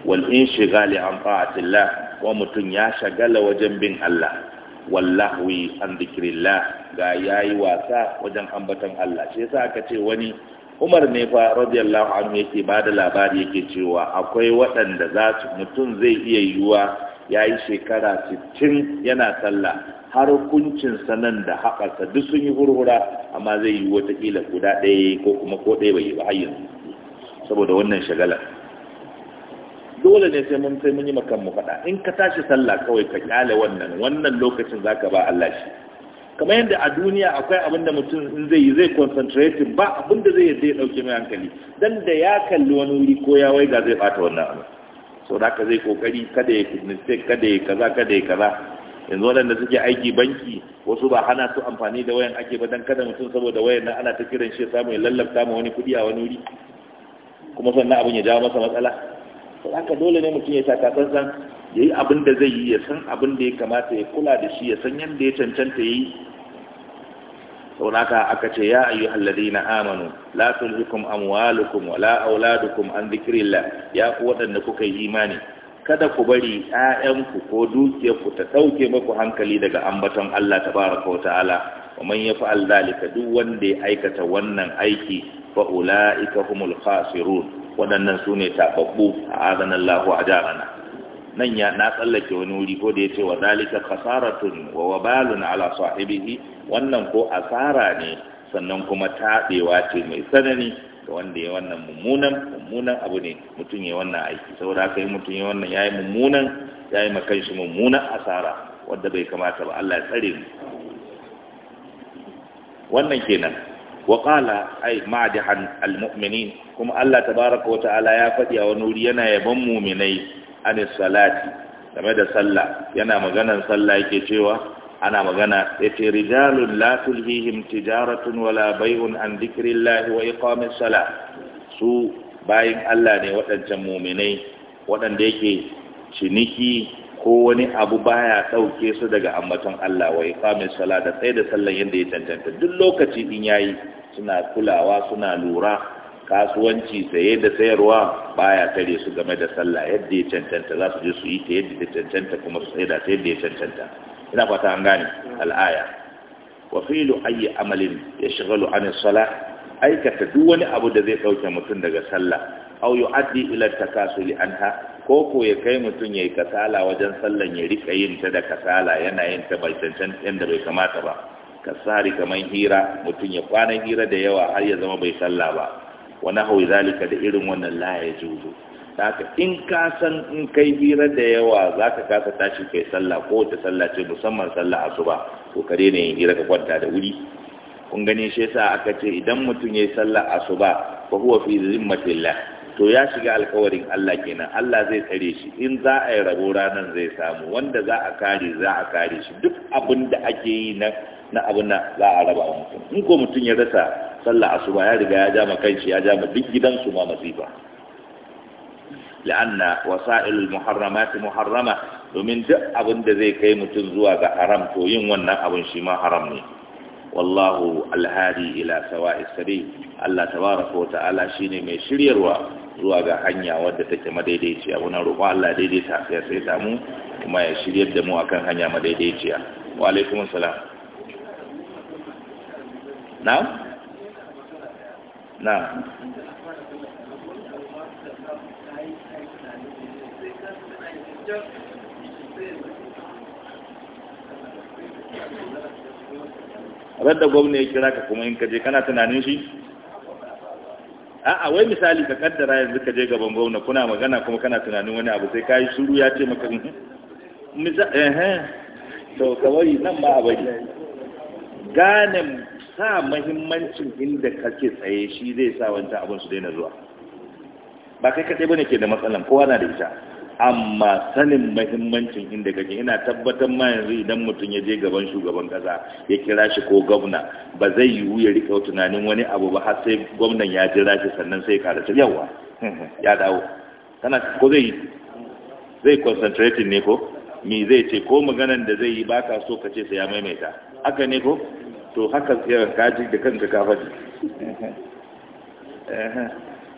Speaker 1: wal inshighali an ta'atillah wa mutum ya shagala wajen bin Allah wallahwi an dhikrillah ga yayi wasa wajen ambatan Allah shi yasa aka ce wani Umar ne fa radiyallahu anhu yake bada labari yake cewa akwai waɗanda za su mutum zai iya yiwuwa yayi shekara 60 yana sallah har kuncin nan da haƙarsa duk sun yi hurhura amma zai yi watakila guda ɗaya ko kuma ko ɗaya bai yi ba har saboda wannan shagalar dole ne sai mun sai mun yi makan mu fada in ka tashi sallah kawai ka kyale wannan wannan lokacin zaka ba Allah shi kamar yadda a duniya akwai abinda mutum in zai yi zai concentrate ba abinda zai yi ya dauke mai hankali dan da ya kalli wani wuri ko ya waiga zai bata wannan abu so da ka zai kokari kada ya mistake kada ya kaza kada ya kaza yanzu waɗanda suke aiki banki wasu ba hana su amfani da wayan ake ba dan kada mutum saboda wayan nan ana ta kiran shi ya samu ya lallafa ma wani kuɗi a wani wuri kuma sannan abin ya jawo masa matsala haka dole ne mutum ya taka tsantsan ya yi abin da zai yi ya san abin da ya kamata ya kula da shi ya san yadda ya cancanta ya yi ka aka ce ya ayyu halladi na amanu latin hukum amwalukum wala auladukum an dhikrillah ya ku waɗanda kuka yi imani kada ku bari ƴaƴanku ko dukiyarku ta ɗauke muku hankali daga ambaton Allah tabaraka wa ta'ala wa man yaf'al dhalika duk wanda ya aikata wannan aiki fa ulaika humul khasirun waɗannan su ne tababbu a azanan lahu a jarana nan ya na tsallake wani wuri ko da ya ce wa zalika kasaratun wa wabalun ala sahibihi wannan ko asara ne sannan kuma taɓewa ce mai tsanani ga wanda ya wannan mummunan mummunan abu ne mutum ya wannan aiki saboda haka yi mutum ya wannan yayi mummunan yayi makan shi mummunan asara Wadda bai kamata ba Allah ya tsare mu wannan kenan wa qala ay ma'dihan almu'minin kuma Allah tabaraka wa ta'ala ya faɗi a wani wuri yana yaban muminai anis salati game da sallah yana maganan sallah yake cewa ana magana yace rijalun la tulhihim tijaratun wala bay'un an dhikrillahi wa iqamis salah su bayin Allah ne waɗancan muminai waɗanda yake ciniki ko wani abu baya ɗauke su daga ambaton Allah wa iqamis salah da tsaye da sallan yadda ya cancanta duk lokaci din yayi suna kulawa suna lura kasuwanci saye da sayarwa baya tare su game da sallah yadda ya cancanta za su je su yi ta yadda ta cancanta kuma su sai da ta yadda ya cancanta ina fata an gane al'aya wa filu ayi amalin ya shigalu an salah aikata duk wani abu da zai dauke mutum daga sallah aw yu'addi ila takasuli anha ko ko ya kai mutum yayi kasala wajen sallan ya rika yin ta da kasala yana yin ta bai cancanta yanda bai kamata ba kasari kamar hira mutum ya kwana hira da yawa har ya zama bai sallah ba Wani nahwi zalika da irin wannan la yajuzu haka in ka san in kai hira da yawa za ka kasa tashi kai sallah ko ta sallah ce musamman sallah asuba ko kare ne yin hira ka kwanta da wuri kun gani shi yasa aka ce idan mutum yayi sallah asuba fa huwa fi zimmatillah to ya shiga alkawarin Allah kenan Allah zai tsare shi in za a yi rabo ranar zai samu wanda za a kare za a kare shi duk abin da ake yi na na abin nan za a raba wa mutum in ko mutum ya rasa sallah asuba ya riga ya jama kanshi ya jama duk gidansu ma masifa la'anna wasa'il muharramat muharrama domin duk abin da zai kai mutum zuwa ga haram to yin wannan abin shi ma haram ne wallahu alhadi ila sawa'is sabil Allah tabaraka wa ta'ala shine mai shiryarwa zuwa ga hanya wadda take madaidaiciya muna roƙon Allah daidaita sai sai samu kuma ya shiryar da mu akan hanya madaidaiciya wa alaikumus salam na'am na'am da gwamna ya kira ka kuma in kaje kana tunanin shi a'a wai misali ka kaddara yanzu ka je gaban gwamna kuna magana kuma kana tunanin wani abu sai kayi shuru ya ce maka mhm. misali eh-, eh to kawai nan ba a bari gane sa mahimmancin inda kake tsaye shi zai sa wancan abin su daina zuwa ba kai kaɗai bane ke da matsalan kowa na da ita amma sanin mahimmancin inda kake ina tabbatar ma yanzu idan mutum ya je gaban shugaban kasa ya kira shi ko gwamna ba zai yiwu ya rika tunanin wani abu ba har sai gwamnan ya jira shi sannan sai ka rasa yawa ya dawo kana ko zai zai concentrating ne ko me zai ce ko maganar da zai yi baka so ka ce sai ya maimaita haka ne ko to haka tsayar kaji da kanka ka faɗi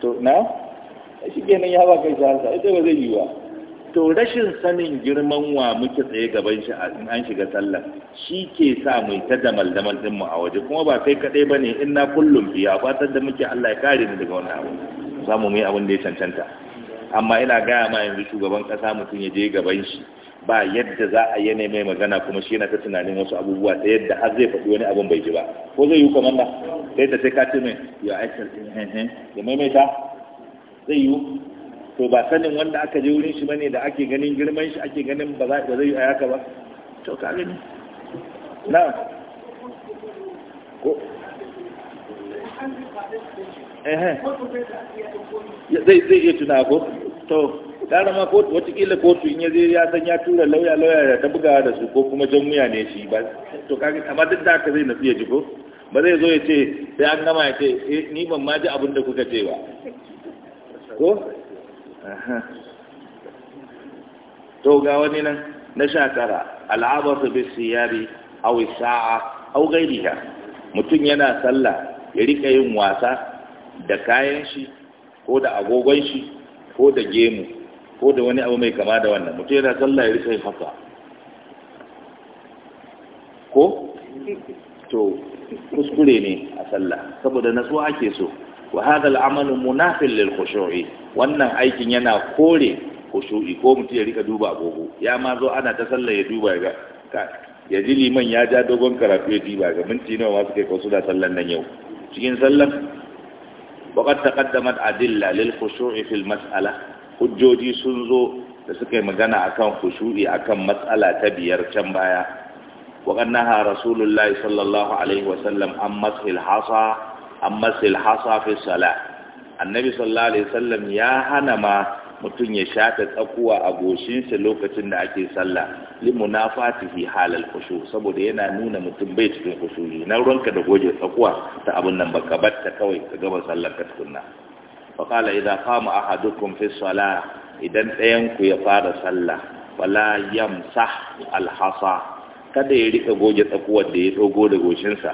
Speaker 1: to na shi kenan ya baka shaharsa ita ba zai yi ba to rashin sanin girman wa muke tsaye gaban shi in an shiga sallah shi ke sa mai ta damal-damal ɗinmu a waje kuma ba kai kaɗai ba ne in na kullum biya fatar da muke allah ya kare ni daga wannan abu za mu mai abin da ya cancanta amma ina gaya ma yanzu shugaban kasa mutum ya je gaban shi ba yadda za a yi mai magana kuma shi yana ta tunanin wasu abubuwa ta yadda har zai faɗi wani abin bai ji ba ko zai yi kamar nan sai ta sai ka ce mai ya aikar ya maimaita zai yi to ba sanin wanda aka je wurin shi bane da ake ganin girman shi ake ganin ba za zai yi a yaka ba to ka gani na ko zai iya tuna ko to tare ma kotu watakila kotu in ya je ya san ya tura lauya lauya da ta bugawa da su ko kuma jan wuya ne shi ba to kage amma duk da haka zai na ya jiko. ba zai zo ya ce sai an gama ya ce eh, ni ban ma ji abin da kuka ce ba ko to ga wani nan na sha tara al'abasu bi siyari aw sa'a aw ghairiha mutum yana sallah ya rika yin wasa da kayan shi ko da agogon shi ko da gemu ko da wani abu mai kama da wannan mutum yana sallah ya rika yin haka ko to kuskure ne a sallah saboda tsuwa ake so wa haɗa al'amalu munafin lil khushu'i wannan aikin yana kore khushu'i ko mutum ya rika duba agogo ya ma zo ana ta sallah ya duba ga ya ji liman ya ja dogon karatu ya diba ga minti nawa masu kai kwasu da sallan nan yau cikin sallan وقد adilla lil للخشوع fil mas'ala hujjoji sun zo da suka yi magana akan khushu'i akan matsala ta biyar can baya wa qannaha rasulullahi sallallahu alaihi wasallam an mashil hasa an hasa fi annabi sallallahu alaihi wasallam ya hana ma mutum ya shata tsakuwa a goshinsa lokacin da ake sallah limunafatihi halal kushu saboda yana nuna mutum bai cikin khushu'i na ranka da goje tsakuwa ta abin nan baka batta kawai ka gaba sallar ka tukunna faƙala idza qama ahadukum fi salah idan ɗayan ku ya fara sallah wala yamsah alhasa kada ya rika goge tsakuwar da ya dogo da goshinsa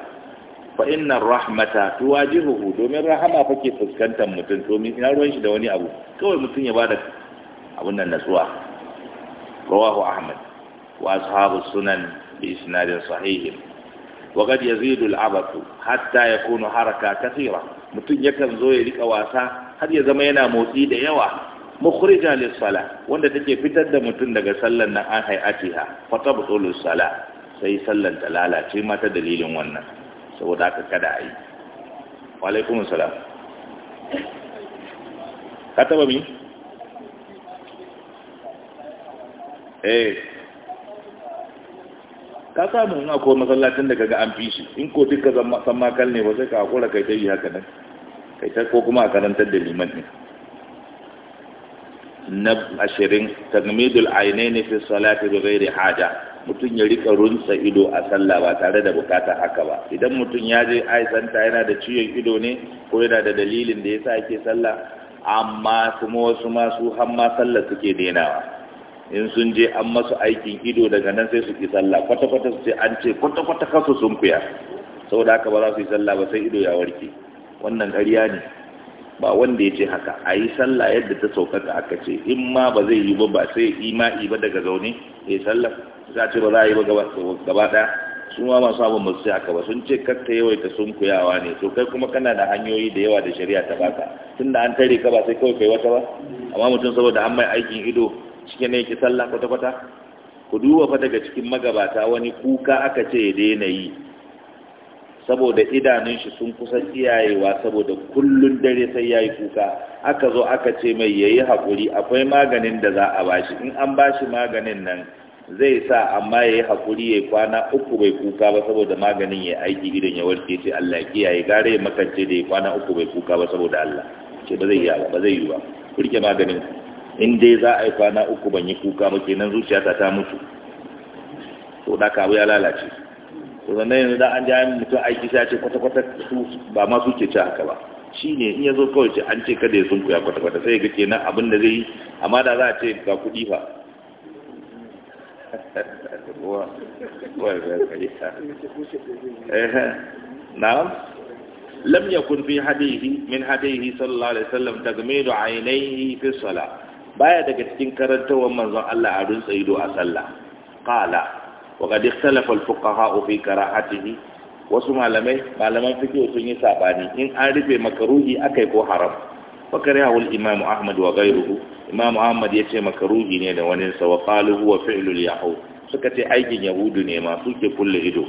Speaker 1: fa inna rahmata tuwajihuhu domin rahama fa ke fuskantar mutum domin ina ruwan shi da wani abu kawai mutum ya bada abun nan natsuwa rawahu ahmad wa ashabu sunan bi isnadin sahihin wa qad yazidu al-abathu hatta yakunu haraka kathira mutum yakan zo ya rika wasa har ya zama yana motsi da yawa mukhrija lis-sala wanda take fitar da mutun daga sallan nan an atiha fa tabtulu sala sai sallan ta lalace mata dalilin wannan saboda haka kada ai wa alaikum salam kataba mi eh ka samu in ko masallacin da kaga an fi shi in ko duka zan makal ne ba sai ka hakura kai dai haka nan kai ta ko kuma a karantar da liman ne na ashirin tagmidul ne fi salati bi ghairi haja mutum ya rika runsa ido a sallah ba tare da bukata haka ba idan mutum ya je aisanta yana da ciwon ido ne ko yana da dalilin da yasa ake sallah amma kuma wasu masu hamma sallah suke denawa in sun je an masu aikin ido daga nan sai su ki sallah kwata-kwata su ce an ce kwata-kwata kasu sun Sau saboda haka ba za su yi sallah ba sai ido ya warke wannan ƙarya ne ba wanda ya ce haka a yi sallah yadda ta saukaka aka ce in ma ba zai yi ba ba sai ima'i ba daga zaune ya yi sallah za ce ba za a yi ba gaba ɗaya su ma masu abin masu haka ba sun ce kakka yawaita sun kuyawa ne to kai kuma kana da hanyoyi da yawa da shari'a ta baka tun da an tare ka ba sai kawai kai wata ba amma mutum saboda an mai aikin ido cikin ne yake sallah kwata-kwata ku duba fa daga cikin magabata wani kuka aka ce ya daina yi saboda idanun shi sun kusa tsiyayewa saboda kullun dare sai yayi kuka aka zo aka ce mai yayi hakuri akwai maganin da za a bashi in an bashi maganin nan zai sa amma yayi hakuri yayi kwana uku bai kuka ba saboda maganin yayi aiki idan ya warke ce Allah ya kiyaye gare ya makance da yayi kwana uku bai kuka ba saboda Allah ce ba zai yi ba ba zai yi ba kurke maganin in dai za a yi kwana uku ban yi kuka ba kenan zuciyata ta mutu to da ka ya lalace to sannan yanzu da an jami mutum aiki sai ce kwata-kwata su ba ma suke ci haka ba shi ne in ya zo kawai ce an ce kada ya sunkuya kwata-kwata sai ga kenan abin da zai yi amma da za a ce ga kuɗi fa na'am lam yakun fi hadihi min hadihi sallallahu alaihi wasallam tagmidu ainihi fi salah baya daga cikin karantawar manzon Allah a rutsa ido a sallah qala wa qad fukaha al kara wasu malamai malaman fiki sun yi sabani in an rufe makaruhi akai ko haram wa karihahu al-imam Ahmad wa ghayruhu imam Ahmad yace makaruhi ne da wani sa wa qalu huwa fi'lul yahud suka ce aikin yahudu ne ma suke kulle ido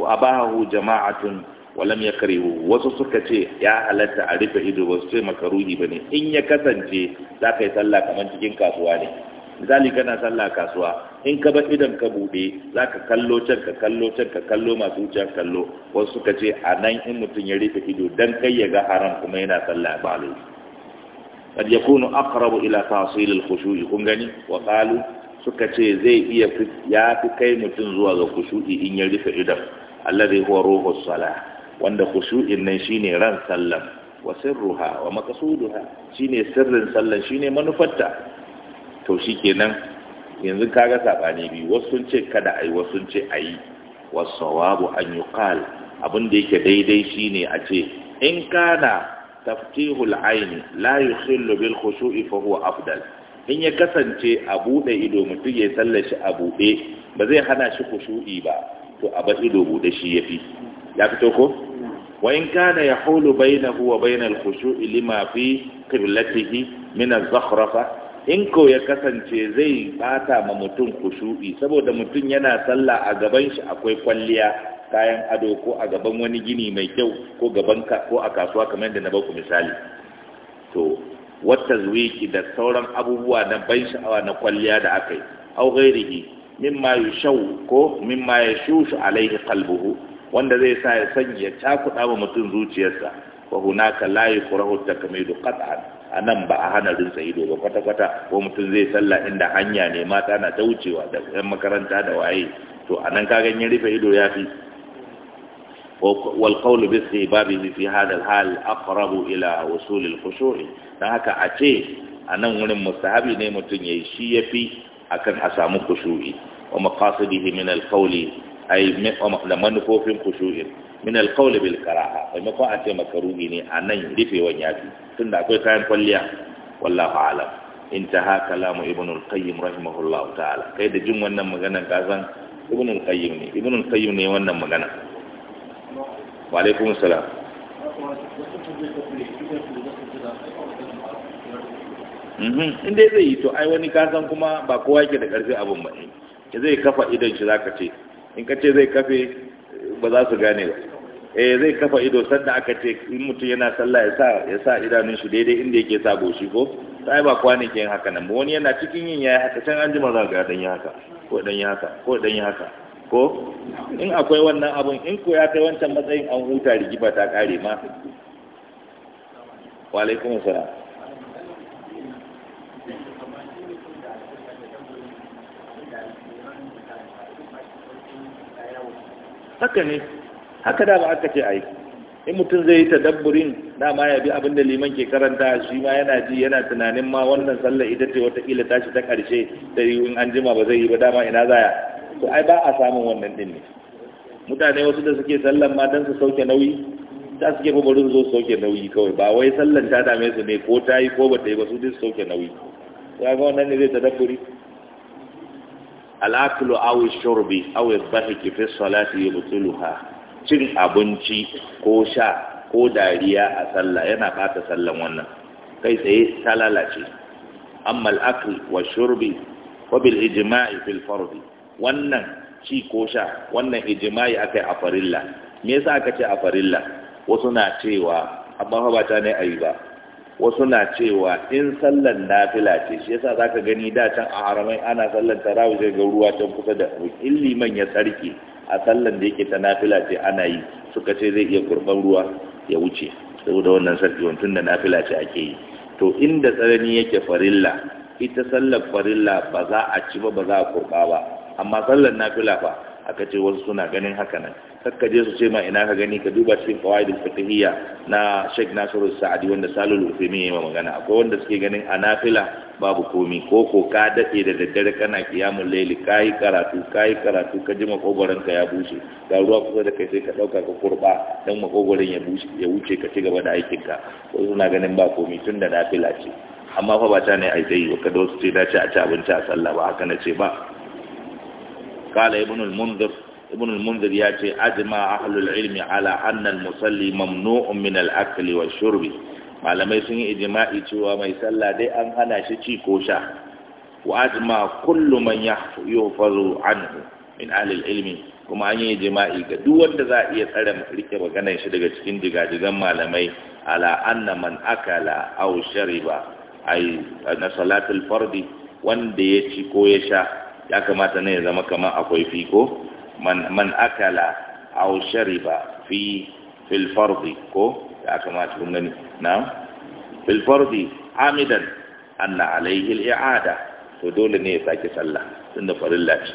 Speaker 1: ko wa abahu jama'atun walam ya karihu wasu suka ce ya halatta a rufe ido wasu ce makaruhi ne in ya kasance za ka yi sallah kamar cikin kasuwa ne misali kana sallah kasuwa in ka bar idan ka buɗe za ka kallo can ka kallo can ka kallo masu wucin kallo wasu suka ce a nan in mutum ya rufe ido dan kai ya ga haram kuma yana sallah ba lai qad yakunu aqrabu ila tafsil al-khushu'i kun gani wa qalu suka ce zai iya ya fi kai mutum zuwa ga khushu'i in ya rufe idon allazi huwa ruhu salah wanda khushu'in nan shine ran sallah wa sirruha wa maqsuduha shine sirrin sallah shine manufarta to shi kenan yanzu kaga saɓani biyu wasu sun ce kada a yi wasu sun ce a yi wasu an yi kal abin da yake daidai shine a ce in kana taftihul aini la yusillu bil khushu'i fa afdal in ya kasance a buɗe ido mutum ya shi a buɗe ba zai hana shi khushu'i ba to a bar ido buɗe shi yafi ya fito ko wa in kana yahulu bainahu wa bainal khushu'i lima fi qiblatihi min az in ko ya kasance zai bata ma mutum kushuɗi saboda mutum yana sallah a gaban shi akwai kwalliya kayan ado ko a gaban wani gini mai kyau ko gaban ko a kasuwa kamar yadda na ba ku misali to wata zuwiki da sauran abubuwa na ban sha'awa na kwalliya da aka yi au ghairihi mimma yushau ko mimma yashushu alaihi qalbuhu wanda zai sa ya sanya ya cakuɗa wa mutum zuciyarsa wa hunaka la yukrahu takmilu qat'an a nan ba a hana rinsa ido ba kwata-kwata ko mutum zai salla inda hanya ne mata na ta wucewa da yan makaranta da waye to a nan ka ganyen rufe ido ya fi wal ba bi istibabi fi hadha hal ila wasu al Na haka a ce a nan wurin mustahabi ne mutum yayi shi yafi akan a samu khushu'i wa makasudihi min alƙauli a yi manufofin khushu'in min alqawl bil karaha maimakon a ce makaruhi ne a nan rufewan yafi tunda akwai kayan kwalliya wallahu alam intaha kalamu ibn al-qayyim rahimahullahu ta'ala kai da jin wannan magana ka san ibn al-qayyim ne ibn al-qayyim ne wannan magana wa alaikum salam mhm. in dai zai yi to ai wani kasan kuma ba kowa yake da karfi abin ba ne zai kafa idan shi zaka ce in ka ce zai kafe ba za su gane ba eh zai kafa ido sanda aka ce in mutum yana sallah ya sa ya sa idanun shi daidai inda yake sa goshi ko sai ba kwani ke haka nan wani yana cikin yin yayi haka can an jima za ga dan yi haka ko dan yi haka ko dan yi haka ko in akwai wannan abun in ko ya kai wancan matsayin an huta rigiba ta kare ma wa alaikum assalam haka ne haka da ba aka ce a yi. in mutum zai yi tadabburin dama ya bi abin da liman ke karanta shi ma yana ji yana tunanin ma wannan sallar ita ce ta tashi ta ƙarshe da in an jima ba zai yi ba dama ina zaya to ai ba a samun wannan din ne mutane wasu da suke sallan ma don su sauke nauyi ta suke fa bari su zo sauke nauyi kawai ba wai sallar ta dame su ne ko ta yi ko ba ta yi ba su su sauke nauyi ya ga wannan ne zai tadabburi al-aklu aw ash-shurbi aw fi salati yubtiluha cin abinci ko sha ko dariya a sallah yana bata sallan wannan kai tsaye ta lalace amma al'akli wa shurbi wa bil ijma'i fil fardi wannan ci ko sha wannan ijma'i akai a farilla me yasa aka ce a farilla wasu na cewa amma ba ta ne ayi ba wasu na cewa in sallan nafila ce shi yasa zaka gani da can a haramai ana sallan tarawih ga ruwa can kusa da illiman ya sarki a sallan da yake ta nafila ce ana yi suka ce zai iya kurban ruwa ya wuce saboda wannan sarki tun da nafila ce ake yi to inda tsarani yake farilla ita sallar farilla ba za a ci ba ba za a kurba ba amma sallar nafila fa aka ce wasu suna ganin haka nan kakka je su ce ma ina ka gani ka duba cikin qawaidul fiqhiyya na Sheikh Nasiru Sa'adi wanda Salul Uthaymeen ya magana akwai wanda suke ganin anafila babu komi ko ko ka dade da daddare kana kiyamul layli kai karatu kai karatu ka ji kogoran ka ya bushe ga ruwa kusa da kai sai ka dauka ka kurba dan makogoron ya bushe ya wuce ka ci gaba da aikin ka ko suna ganin ba komi tun da nafila ce amma fa ba ta ne ai dai kada wasu ce dace a ci abinci a sallah ba haka na ce ba قال ابن المنذر ibn al-munzir ya ce ajma ahlul ilmi ala anna al-musalli mamnu'un min al-akli wa shurbi malamai sun yi ijma'i cewa mai sallah dai an hana shi ci ko sha wa ajma kullu man yuhfazu anhu min ahlil ilmi kuma an yi jima'i ga duk wanda za a iya tsare rike maganar shi daga cikin jigajigan malamai ala anna man akala aw shariba ay na salatul fardi wanda ya ci ko ya sha ya kamata ne ya zama kamar akwai fiko man man akala aw shariba fi fil fardi ko ya kamata kun gani na'am fil fardi amidan anna alayhi al i'ada to dole ne ya sake sallah tunda farilla ce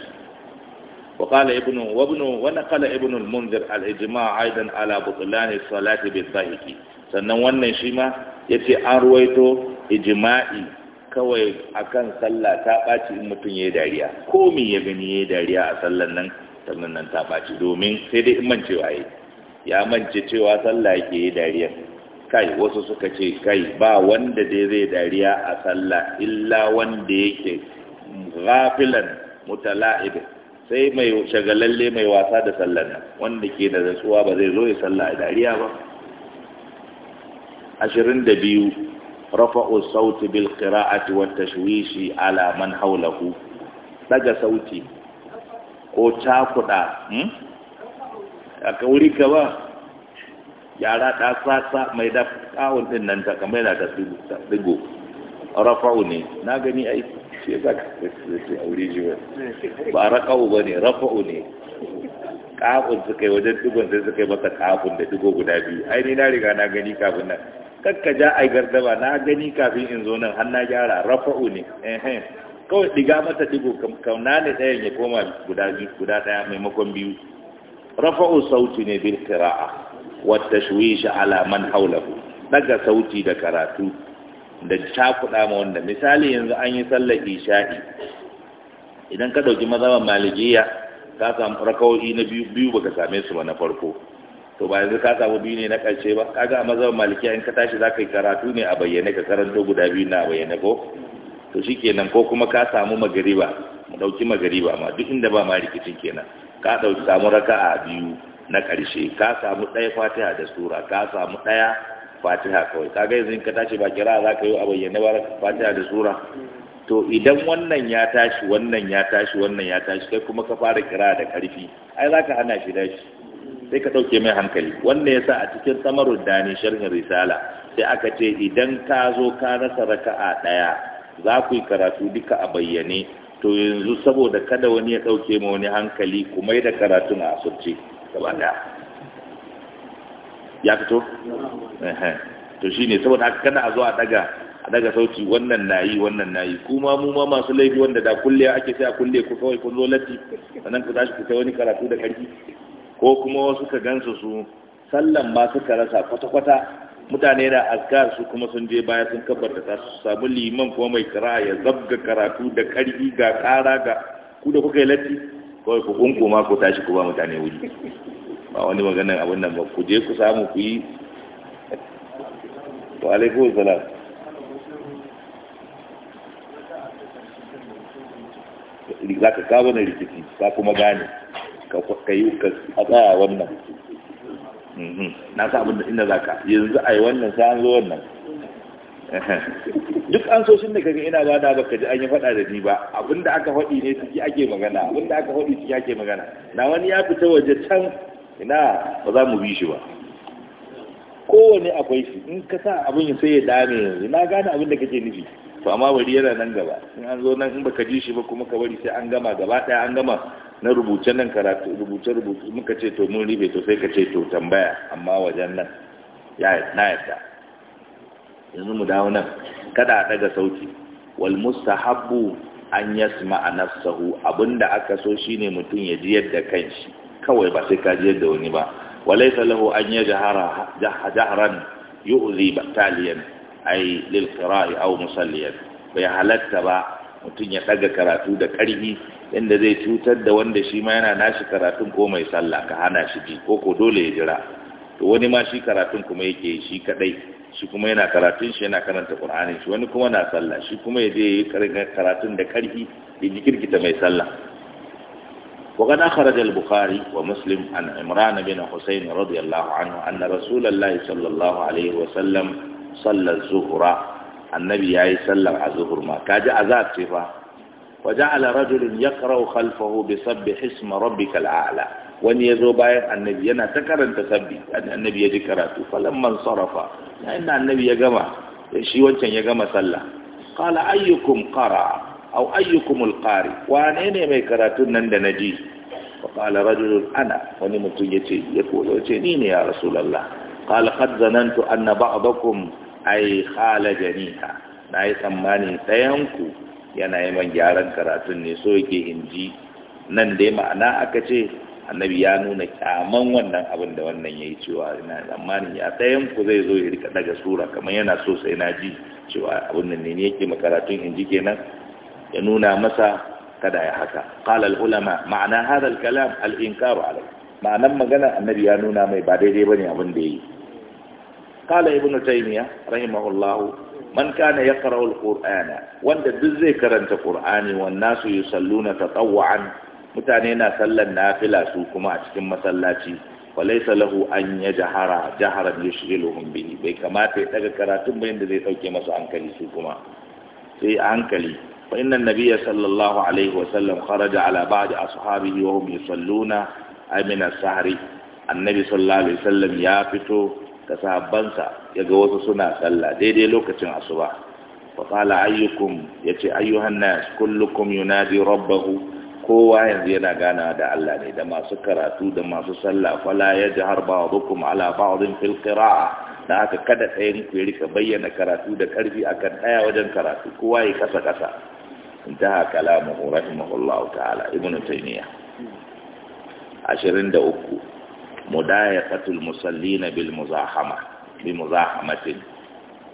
Speaker 1: وقال ابن وابن ونقل ابن المنذر الاجماع ايضا على بطلان الصلاه بالضحك sannan wannan shi ma yace an ruwaito ijma'i kawai akan sallah ta ɓaci in mutum ya dariya ko me ya gani ya dariya a sallan nan sannan nan ta ɓaci domin sai dai in mancewa ya mance cewa sallah yake yi dariya kai wasu suka ce kai ba wanda dai zai dariya a sallah illa wanda yake ghafilan mutala'ib sai mai shagalalle mai wasa da sallar nan wanda ke da rantsuwa ba zai zo ya sallah a dariya ba 22 rafa'u sauti bil qira'ati wat tashwishi ala man hawlahu daga sauti ko cakuɗa hmm? a kauri ka ba yara ta sasa mai da kawun ɗin nan ta kamar yana da digo rafa'u ne na gani ai ce za ka ce a wuri jiwa ba raƙa'u ba ne rafa'u ne ƙa'un suka yi wajen ɗigon sai suka yi masa ƙa'un da ɗigo guda biyu ai na riga na gani kafin nan kakka ja ai gardaba na gani kafin in zo nan har na gyara rafa'u ne eh, eh. kawai diga mata digo kauna ne ɗayan ya koma guda guda ɗaya maimakon biyu rafa'u sauti ne bil qira'a wa tashwish ala man hawlahu daga sauti da karatu da cakuɗa ma wanda misali yanzu an yi sallar isha'i idan ka ɗauki mazhaban malikiya ka samu rakawoyi na biyu biyu baka same su ba na farko to ba yanzu ka samu biyu ne na ƙarshe ba kaga a mazhaban malikiya in ka tashi za ka yi karatu ne a bayyane ka karanto guda biyu na a bayyane ko to shi kenan ko kuma ka samu magariba mu ɗauki magariba ma duk inda ba ma rikicin kenan ka ɗauki samu a biyu na ƙarshe ka samu ɗaya fatiha da sura ka samu ɗaya fatiha kawai ka ga yanzu in ka tashi ba kira za ka yi a bayyane ba fatiha da sura to idan wannan ya tashi wannan ya tashi wannan ya tashi kai kuma ka fara kira da ƙarfi ai za ka hana shi dashi sai ka ɗauke mai hankali wannan yasa a cikin samarun dani sharhin risala sai aka ce idan ka zo ka rasa raka'a ɗaya za ku yi karatu duka a bayyane to yanzu saboda kada wani ya ɗauke ma wani hankali kuma da karatun a asirce gaba ya fito? to shi ne saboda haka kada a zo a daga a daga sauci wannan na yi wannan na yi kuma mu ma masu laifi wanda da kulle ake sai a kulle ku kawai kun zo latti sannan ku tashi ku kai wani karatu da ƙarfi ko kuma wasu ka gansu su sallan ma suka rasa kwata-kwata mutane na azkar su kuma sun je baya sun kabar da su samu liman kuma mai kira ya zabga karatu da karfi ga kara ga ku da kuka yi latti kawai ku ma ku tashi ku ba mutane wuri ba wani maganin abin nan ba ku je ku samu ku yi wa alaikum salam za ka kawo na rikici ka kuma gane ka yi ka tsaya wannan na sa abin da inda za ka yanzu a yi wannan sa an zo wannan duk an so shin da kaga ina ba da baka ji an yi faɗa da ni ba abinda aka faɗi ne ciki ake magana abinda aka faɗi ciki ake magana na wani ya fita waje can ina ba za mu bi shi ba kowane akwai shi in ka sa abin sai ya dame yanzu na gane abin da kake nufi to amma bari yana nan gaba in an zo nan in baka ji shi ba kuma ka bari sai an gama gaba ɗaya an gama na rubuce nan karatu rubuce rubuce muka ce to mun ribe to sai ka ce to tambaya amma wajen nan ya na yadda yanzu mu dawo nan kada a daga sauti wal mustahabbu an yasma nafsahu abinda aka so shine mutum ya ji yadda kanshi kawai ba sai ka ji yadda wani ba walaysa lahu an yajhara jahran yu'zi bataliyan ai lil qira'i aw musalliyan bai halatta ba mutum ya daga karatu da karfi inda zai cutar da wanda shi ma yana nashi karatun ko mai sallah ka hana shi ji ko ko dole ya jira to wani ma shi karatun kuma yake shi kadai shi kuma yana karatun shi yana karanta qur'anin shi wani kuma na sallah shi kuma ya je yi karatun da karfi ya ji mai sallah وقد أخرج البخاري ومسلم عن عمران بن حسين رضي الله عنه أن رسول الله صلى الله عليه وسلم sallar zuhura annabi ya yi sallar a zuhur ma ji azab ce fa waje ala rajulun ya karau khalfahu bi sabbi hisma rabbika al'ala wani ya zo bayan annabi yana ta karanta sabbi annabi ya ji karatu falan man sarrafa yayin da annabi ya gama shi wancan ya gama sallah qala ayyukum qara aw ayyukum alqari wane ne mai karatun nan da naji fa qala rajulun ana wani mutum yace ya ko ni ne ya rasulullah qala qad zanantu anna ba'dakum ai khala janiha na yi tsammani ku yana yi man gyaran karatun ne so yake in ji nan dai ma'ana aka ce annabi ya nuna kyaman wannan abin da wannan ya yi cewa ina tsammani ya ɗayanku zai zo ya rika daga sura kamar yana so sai na ji cewa abin nan ne yake makaratun in ji kenan ya nuna masa kada ya haka qala al ulama ma'ana hadha al kalam al inkar alai ma'anan magana annabi ya nuna mai ba daidai bane abin da yayi qala ibnu taymiya rahimahullahu man kana yaqra'u al-qur'ana wanda duk zai karanta qur'ani wan nasu yusalluna tatawwan mutane na sallan nafila su kuma a cikin masallaci walaysa lahu an yajhara jaharan yushghiluhum bihi bai kamata ya daga karatun ba yanda zai dauke masa hankali su kuma sai hankali fa inna nabiyya sallallahu alaihi wa sallam kharaja ala ba'di ashabihi wa hum yusalluna ay min as-sahri annabi sallallahu alaihi wasallam ya fito da sahabbansa ya ga wasu suna sallah daidai lokacin asuba fa qala ayyukum yace ayyuhan nas kullukum yunadi rabbahu kowa yanzu yana gana da Allah ne da masu karatu da masu sallah fala yajhar ba'dukum ala ba'din fil qira'a da aka kada ɗayan ku ya rika bayyana karatu da karfi akan ɗaya wajen karatu kowa ya kasa kasa intaha kalamuhu rahimahullahu ta'ala ibnu taymiya 23 mudayaqatul musallina bil muzahama bi muzahamatin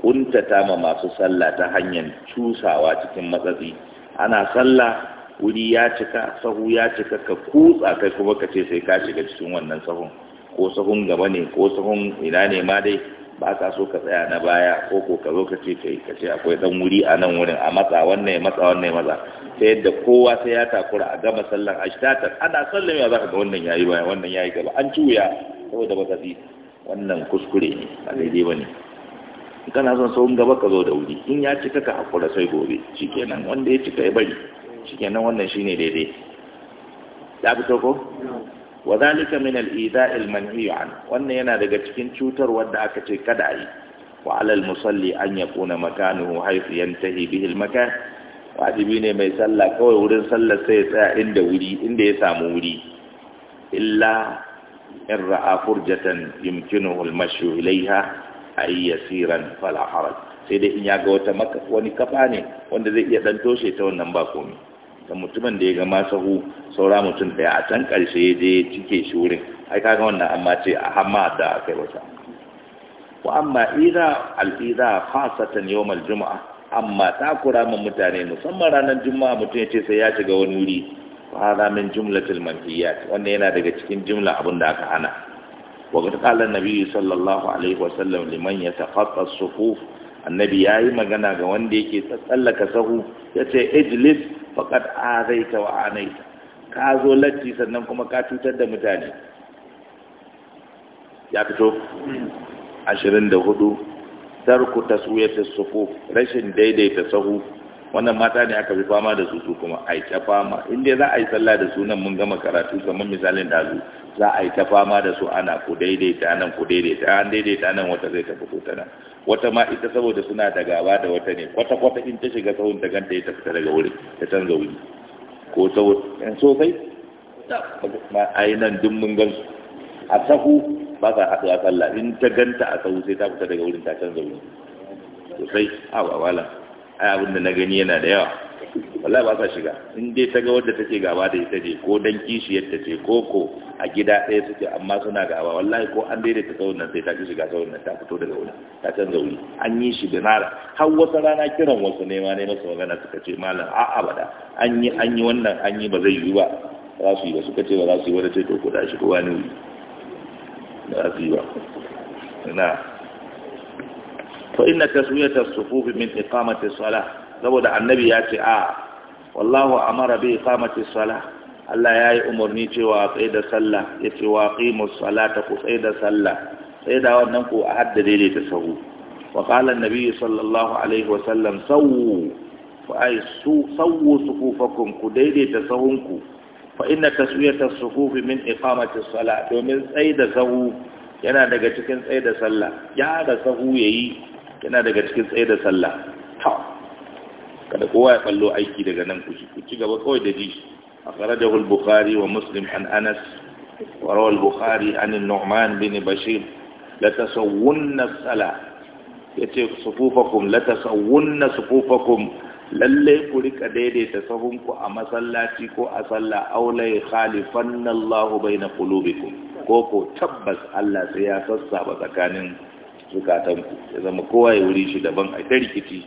Speaker 1: kuntata ma masu sallah ta hanyar cusawa cikin matsatsi ana sallah wuri ya cika sahu ya cika ka kutsa kai kuma ka ce sai ka shiga cikin wannan sahun ko sahun gaba ne ko sahun ina ne ma dai ba ka so ka tsaya na baya ko ko ka zo ka ce kai ka ce akwai dan wuri a nan wurin a matsa wannan ya matsa wannan ya matsa ta yadda kowa sai ya takura a gama sallan ashtatan ana sallame za ka ga wannan yayi baya wannan yayi gaba an cuya saboda ba ka bi wannan kuskure ne a daidai bane kana son sauran gaba ka zo da wuri in ya cika ka hakura sai gobe shikenan wanda ya cika ya bari shikenan wannan shine daidai ya fito ko wa zalika min al-ida'il manhiy an wannan yana daga cikin cutar wanda aka ce kada a yi wa alal musalli an yakuna makanuhu haythu yantahi bihi al-makan wajibi ne mai sallah kawai wurin sallar sai ya tsaya inda wuri inda ya samu wuri illa in ra'a furjatan yumkinuhu al-mashyu ilayha ay yasiran fala haraj sai dai in ya ga wata wani kafa ne wanda zai iya dan toshe ta wannan ba komai da mutumin da ya ga masahu saura mutum ɗaya a can ƙarshe ya je cike shi wurin ai kaga wannan amma ce a hamma da Kai wata wa amma ira al'ira fasatan al juma'a amma takura mun mutane musamman ranar juma'a mutum ya ce sai ya shiga wani wuri fara min jumlatul manhiyat wannan yana daga cikin jumla abin da aka hana wa ga ta an-nabi sallallahu alaihi wa sallam liman yataqatta as-sufuf annabi yayi magana ga wanda yake tsallaka sahu yace ijlis zai azaita wa anaita ka zo latti sannan kuma ka cutar da mutane ya fito 24 tarku taswiyatu sufu rashin daidaita sahu wannan mata ne aka fi fama da su su kuma a yi ta fama inda za a yi sallah da sunan mun gama karatu kamar misalin dazu za a yi ta fama da su ana ku daidaita nan ku daidaita nan wata zai tafi ko wata ma ita saboda suna da gaba da wata ne kwata kwata in ta shiga sahun ta ganta ta fita daga wurin ta canza wuri ko saboda sosai ma ai nan duk mun gan su a sahu ba sa a sallah in ta ganta a sahu sai ta fita daga wurin ta canza wuri sosai a wawala wala ai abin da na gani yana da yawa wallahi ba sa shiga in dai ta ga wadda take gaba da ita ce ko dan kishi yadda ce ko ko a gida ɗaya suke amma suna gaba wallahi ko an daidaita sauran nan sai ta ki shiga sauran nan ta fito daga wuri ta canza wuri an yi shi da nara har wata rana kiran wasu nema ne masu magana suka ce malam a bada an yi an yi wannan an yi ba zai yi ba za su yi ba suka ce ba za su yi wani ce to ko da shi ko wani wuri ba za su yi ba na fa inna tasmiyatu as-sufuf min iqamati as-salah saboda annabi ya ce a wallahu amara bi iqamati salah Allah ya yi umarni cewa tsaye da sallah ya ce wa qimus salata ku tsaye da sallah Sai da wannan ku a hadda daidaita sahu wa qala annabi sallallahu alaihi wa sallam sawu fa ay su sawu sufufakum ku daidaita sahunku fa inna taswiyata sufufi min iqamati salah domin tsaye da sahu yana daga cikin tsaye da sallah ya da sahu yayi yana daga cikin tsaye da sallah kada kowa ya fallo aiki daga nan ku ci gaba kawai da ji akhrajahu al-bukhari wa muslim an anas wa rawa al-bukhari an an-nu'man bin bashir la tasawwunna as-salah yace sufufakum la sufufakum lalle ku rika daidaita sahunku a masallaci ko a sallah aulai khalifanna bai na qulubikum ko ko tabbas Allah sai ya sassa ba tsakanin zukatanku ya zama kowa ya wuri shi daban a rikici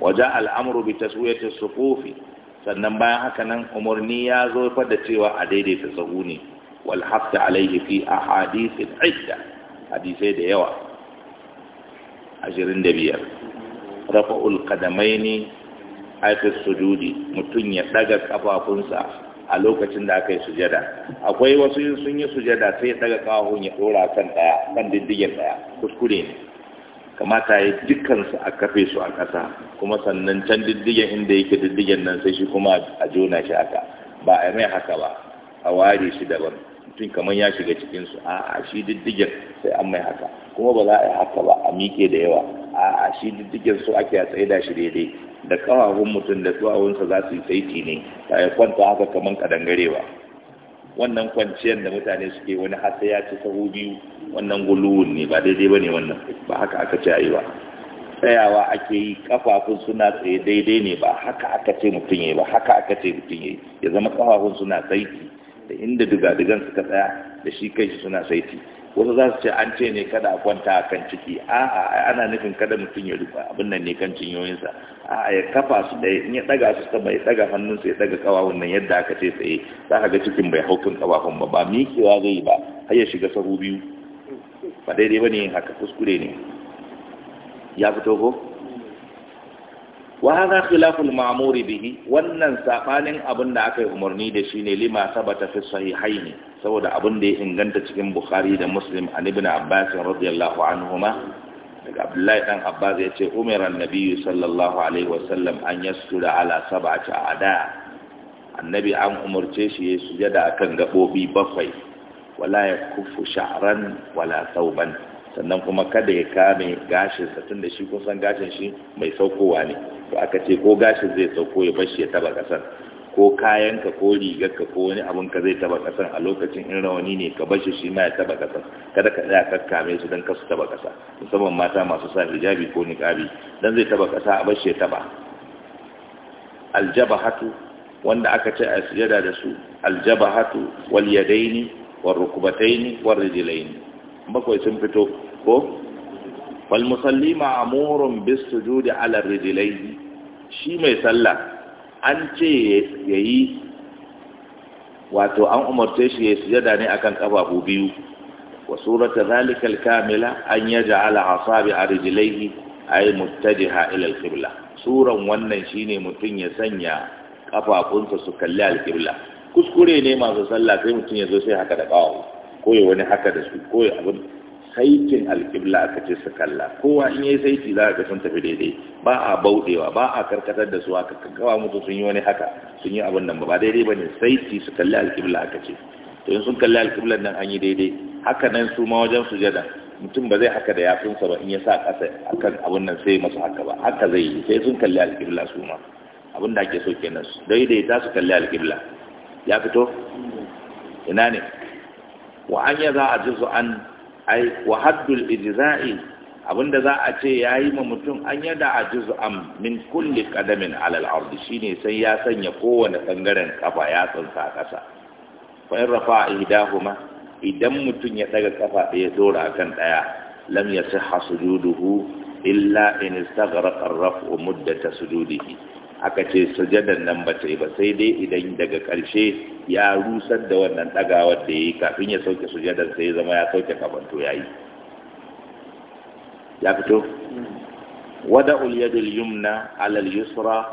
Speaker 1: waje al'amuru bi taswiyatis sufufi sannan bayan haka nan umarni ya zo fa da cewa a daidaita sahu ne wal alaihi fi hadisin aida hadisai da yawa 25 rafa'ul ne, aikin sujudi mutum ya daga kafafunsa a lokacin da aka yi sujada akwai wasu sun yi sujada sai ya daga kafafun ya dora kan daya kan diddigin daya kuskure ne kamata ya dukkansu a kafe su a ƙasa kuma sannan can diddigen inda yake diddigen nan sai shi kuma a jona shi haka ba a mai haka ba a ware shi daban mutum kamar ya shiga cikinsu a a shi diddigen sai an mai haka kuma ba za a yi haka ba a miƙe da yawa a a shi diddigen su ake a tsaye da shi daidai da ƙafafun mutum da duwawunsa za su yi saiti ne ta ya kwanta haka kamar kadangarewa wannan kwanciyar da mutane suke wani hasa ya ci sahu biyu wannan guluwun ne ba daidai ba ne wannan ba haka aka ce yi ba tsayawa ake yi kafafun suna tsaye daidai ne ba haka aka ce mutum ya yi ba haka aka ce mutum ya yi ya zama kafafun suna saiti da inda dugadugan suka tsaya da shi kai suna saiti wasu za su ce an ce ne kada a kwanta a kan ciki a'a ana nufin kada mutum ya rufa abin nan ne kan cinyoyinsa a'a ya kafa su da in ya ɗaga su sama ya ɗaga hannunsa ya ɗaga kawawan nan yadda aka ce tsaye za ka ga cikin bai haukin kawahun ba ba miƙewa zai yi ba har ya shiga sahu biyu ba daidai ba ne haka kuskure ne ya fito ko wa hadha khilaful ma'muri bihi wannan sabanin abin da aka yi umarni da shi ne lima sabata fi sahihain saboda abin da ya inganta cikin bukhari da muslim an ibn abbas radiyallahu anhuma daga abdullahi dan abbas ya ce umira annabi sallallahu alaihi wasallam an yasjuda ala sab'ati a'da annabi an umarce shi ya sujada akan gabobi bakwai wala yakufu sha'ran wala thawban sannan kuma kada ya kame gashinsa tunda shi kusan gashin shi mai saukowa ne to aka ce ko gashin zai sauko ya bashi ya taba kasar ko kayanka ko rigarka ko wani abun ka zai taba kasar a lokacin in rawani ne ka bashi shi ma ya taba kasar kada ka tsaya kame su don kasu taba kasa musamman mata masu sa hijabi ko niqabi dan zai taba kasa a bashi ya taba aljabahatu wanda aka ce a sujada da su aljabahatu wal yadaini war rukbataini war rijlaini bakwai sun fito ko wal musalli ma'murun bis sujudi ala rijlaihi shi mai sallah an ce yayi wato an umarce shi ya sujada ne akan kafafu biyu wa surata zalika al-kamila an yaj'ala asabi arjilaihi ay muttajiha ila al suran wannan shine mutun ya sanya kafafunsa su kalli al kuskure ne masu sallah sai mutun ya zo sai haka da kawo ko ya wani haka da su ko ya abin saitin alƙibla aka ce su kalla kowa in yi saiti za a ga sun tafi daidai ba a bauɗewa ba a karkatar da su aka kawa mutu sun yi wani haka sun yi abin nan ba daidai ba ne saiki su kalli alƙibla a kace to yin sun kalli alƙibla nan an yi daidai haka nan su ma wajen sujada mutum ba zai haka da yatsunsa ba in ya sa ƙasa akan abin nan sai masu haka ba haka zai yi sai sun kalli alƙibla su ma abin da ake so kenan daidai ta su kalli alƙibla ya fito ina ne wa an ya za a ji su an ai wa haddul ijza'i abinda za a ce ya yi ma mutum an yada a ji su an min kulle ƙadamin alal ardi shine sai ya sanya kowane bangaren kafa ya tsinsa kasa fa in rafa ihdahuma idan mutum ya daga kafa ɗaya dora kan ɗaya lam yasihha sujuduhu illa in istaghraqa ar-raf'u muddata sujudihi aka ce sujadan nan ba yi ba sai dai idan daga ƙarshe ya rusar da wannan ɗagawar da ya yi kafin ya sauke sujadan sai ya zama ya sauke kabanto ya yi ya fito wada ulyadul yumna alal yusra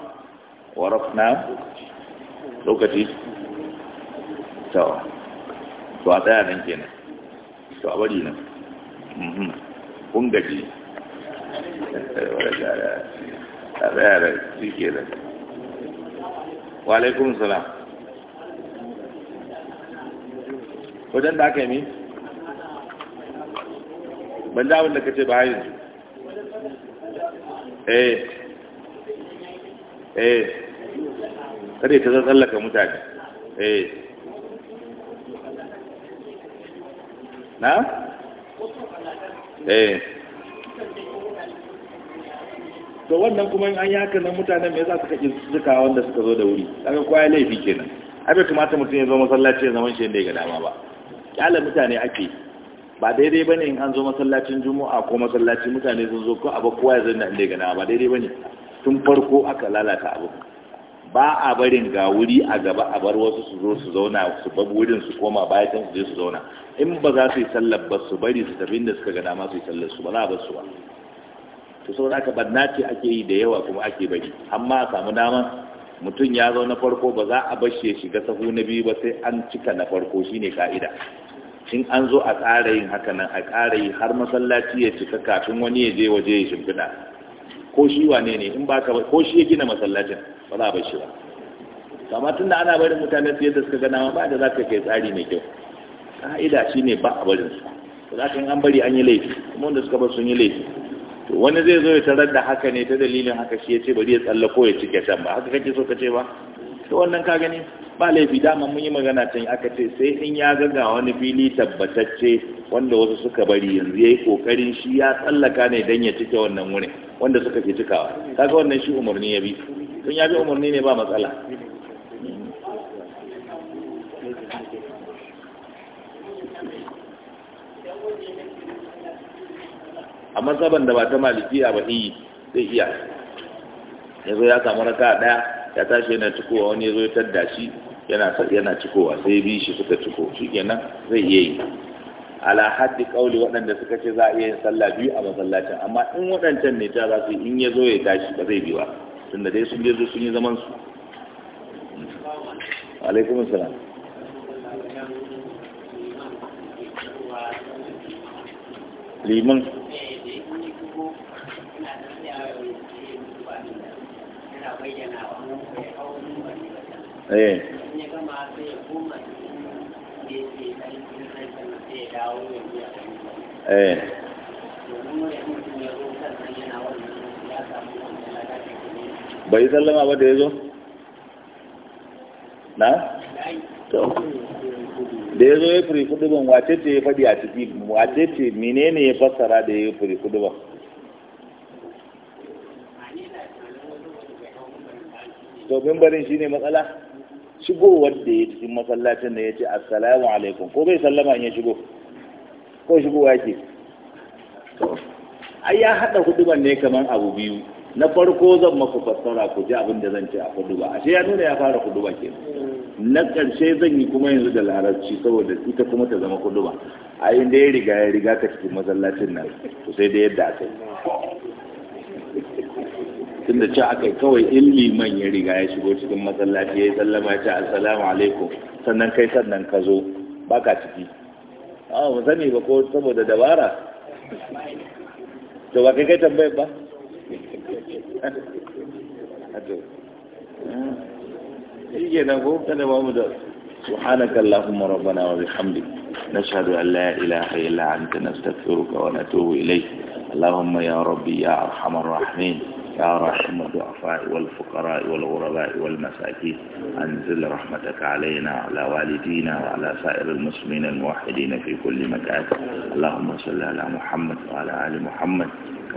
Speaker 1: wa rafna lokaci Tawa, to a tsaya nan kenan to a bari nan mhm. kun gaji a tsaya da shi ke da walaikun salam
Speaker 2: wajen da aka yi mi ban da wanda ka ce ba yanzu
Speaker 1: eh eh
Speaker 2: kada ta tsallaka
Speaker 1: mutane eh na eh to wannan kuma an yaka nan mutanen me yasa suka ki suka wanda suka zo da wuri daga kwaya laifi kenan abe kamata mutum ya zo masallaci ya zama shi yadda ya ga dama ba kyala mutane ake ba daidai bane in an zo masallacin juma'a ko masallaci mutane sun zo ko abu kowa ya zanna inda ga dama ba daidai bane tun farko aka lalata abu ba a barin ga wuri a gaba a bar wasu su zo su zauna su bar wurin su koma baya can su je su zauna in ba za su yi sallar ba su bari su tafi inda suka ga dama su yi sallar su ba za a bar su ba to sau da banna ce ake yi da yawa kuma ake bari amma a samu dama mutum ya zo na farko ba za a bashe shiga sahu na biyu ba sai an cika na farko shine ka'ida in an zo a ƙara yin haka nan a ƙara yi har masallaci ya cika kafin wani ya je waje ya shimfiɗa ko shi wane ne in baka ba ko shi ya gina masallacin ba za a bashe ba amma tunda ana barin mutane su yadda suka gana ba da za ka kai tsari mai kyau ka'ida shine ba a barin su za ka yi an bari an yi laifi kuma wanda suka bar sun yi laifi to wani zai zo ya tarar da haka ne ta dalilin haka shi ya ce bari ya ko ya cike can ba haka kake so ka ce ba to wannan ka gani ba laifi dama mun yi magana can aka ce sai in ya ga wani fili tabbatacce wanda wasu suka bari yanzu yayi kokarin shi ya tsallaka ne dan ya cike wannan wurin wanda suka ke cikawa kaga wannan shi umarni ya bi tun ya bi umarni ne ba matsala a mazhaban da ba ta malikiya ba iyi eh, zai iya ya zo ya samu raka daya ya tashi yana cikowa wani ya zo ya tadda shi yana cikowa sai bi shi suka ciko shi kenan zai iya yi ala haddi kauli waɗanda suka ce za a iya yin sallah biyu a masallacin amma in waɗancan ne ta za su in ya zo ya tashi ba zai biwa tunda dai sun je sun yi zaman su alaikum salam liman eh eh bai sallama ba da ya zo? na? to da ya zo ya firi kudu ban wace ce ya faɗi a ciki wace ce menene ya fassara da ya firi kudu ban? to mimbarin shi ne matsala shigowar da ya cikin masallacin da ya ce assalamu alaikum ko bai sallama in ya shigo ko shigowa ke ai ya haɗa huduban ne kamar abu biyu na farko zan maku fassara ku ji abin da zan ce a huduba ashe ya nuna ya fara huduba ke na ƙarshe zan yi kuma yanzu da larabci saboda ita kuma ta zama kuduba a yi da ya riga ya riga ka cikin masallacin nan to sai da yadda aka yi tun da ci aka kawai in liman ya riga ya shigo cikin masallaci ya yi sallama ya ce assalamu alaikum sannan kai sannan ka zo baka ciki a mu sani ba ko saboda dabara to ba kai kai tambayar ba shi ke nan ko kada ba mu da سبحانك اللهم ربنا وبحمدك نشهد أن لا إله إلا أنت نستغفرك ونتوب إليك اللهم يا ربي يا أرحم الراحمين يا رحم الضعفاء والفقراء والغرباء والمساكين أنزل رحمتك علينا وعلى والدينا وعلى سائر المسلمين الموحدين في كل مكان اللهم صل على محمد وعلى آل محمد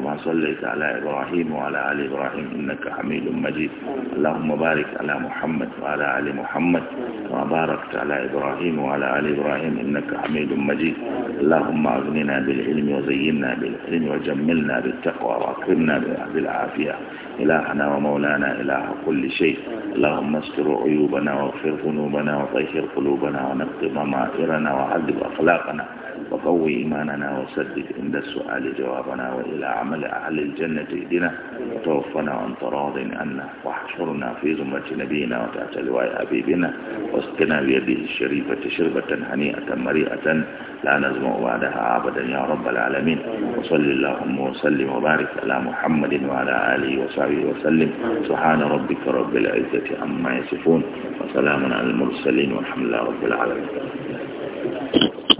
Speaker 1: كما صليت على إبراهيم وعلى آل إبراهيم إنك حميد مجيد اللهم بارك على محمد وعلى آل محمد كما باركت على إبراهيم وعلى آل إبراهيم إنك حميد مجيد اللهم أغننا بالعلم وزينا بالعلم وجملنا بالتقوى وأكرمنا بالعافية إلهنا ومولانا إله كل شيء اللهم استر عيوبنا واغفر ذنوبنا وطهر قلوبنا ونقض ضمائرنا وعذب أخلاقنا وقوي إيماننا وسدد عند السؤال جوابنا وإلى عمل أهل الجنة اهدنا وتوفنا عن تراض عنا واحشرنا في زمرة نبينا وتعت لواء أبيبنا واسقنا بيده الشريفة شربة هنيئة مريئة لا نزمع بعدها أبدا يا رب العالمين وصل اللهم وسلم وبارك على محمد وعلى آله وصحبه وسلم سبحان ربك رب العزة عما يصفون
Speaker 2: وسلام على المرسلين والحمد لله رب العالمين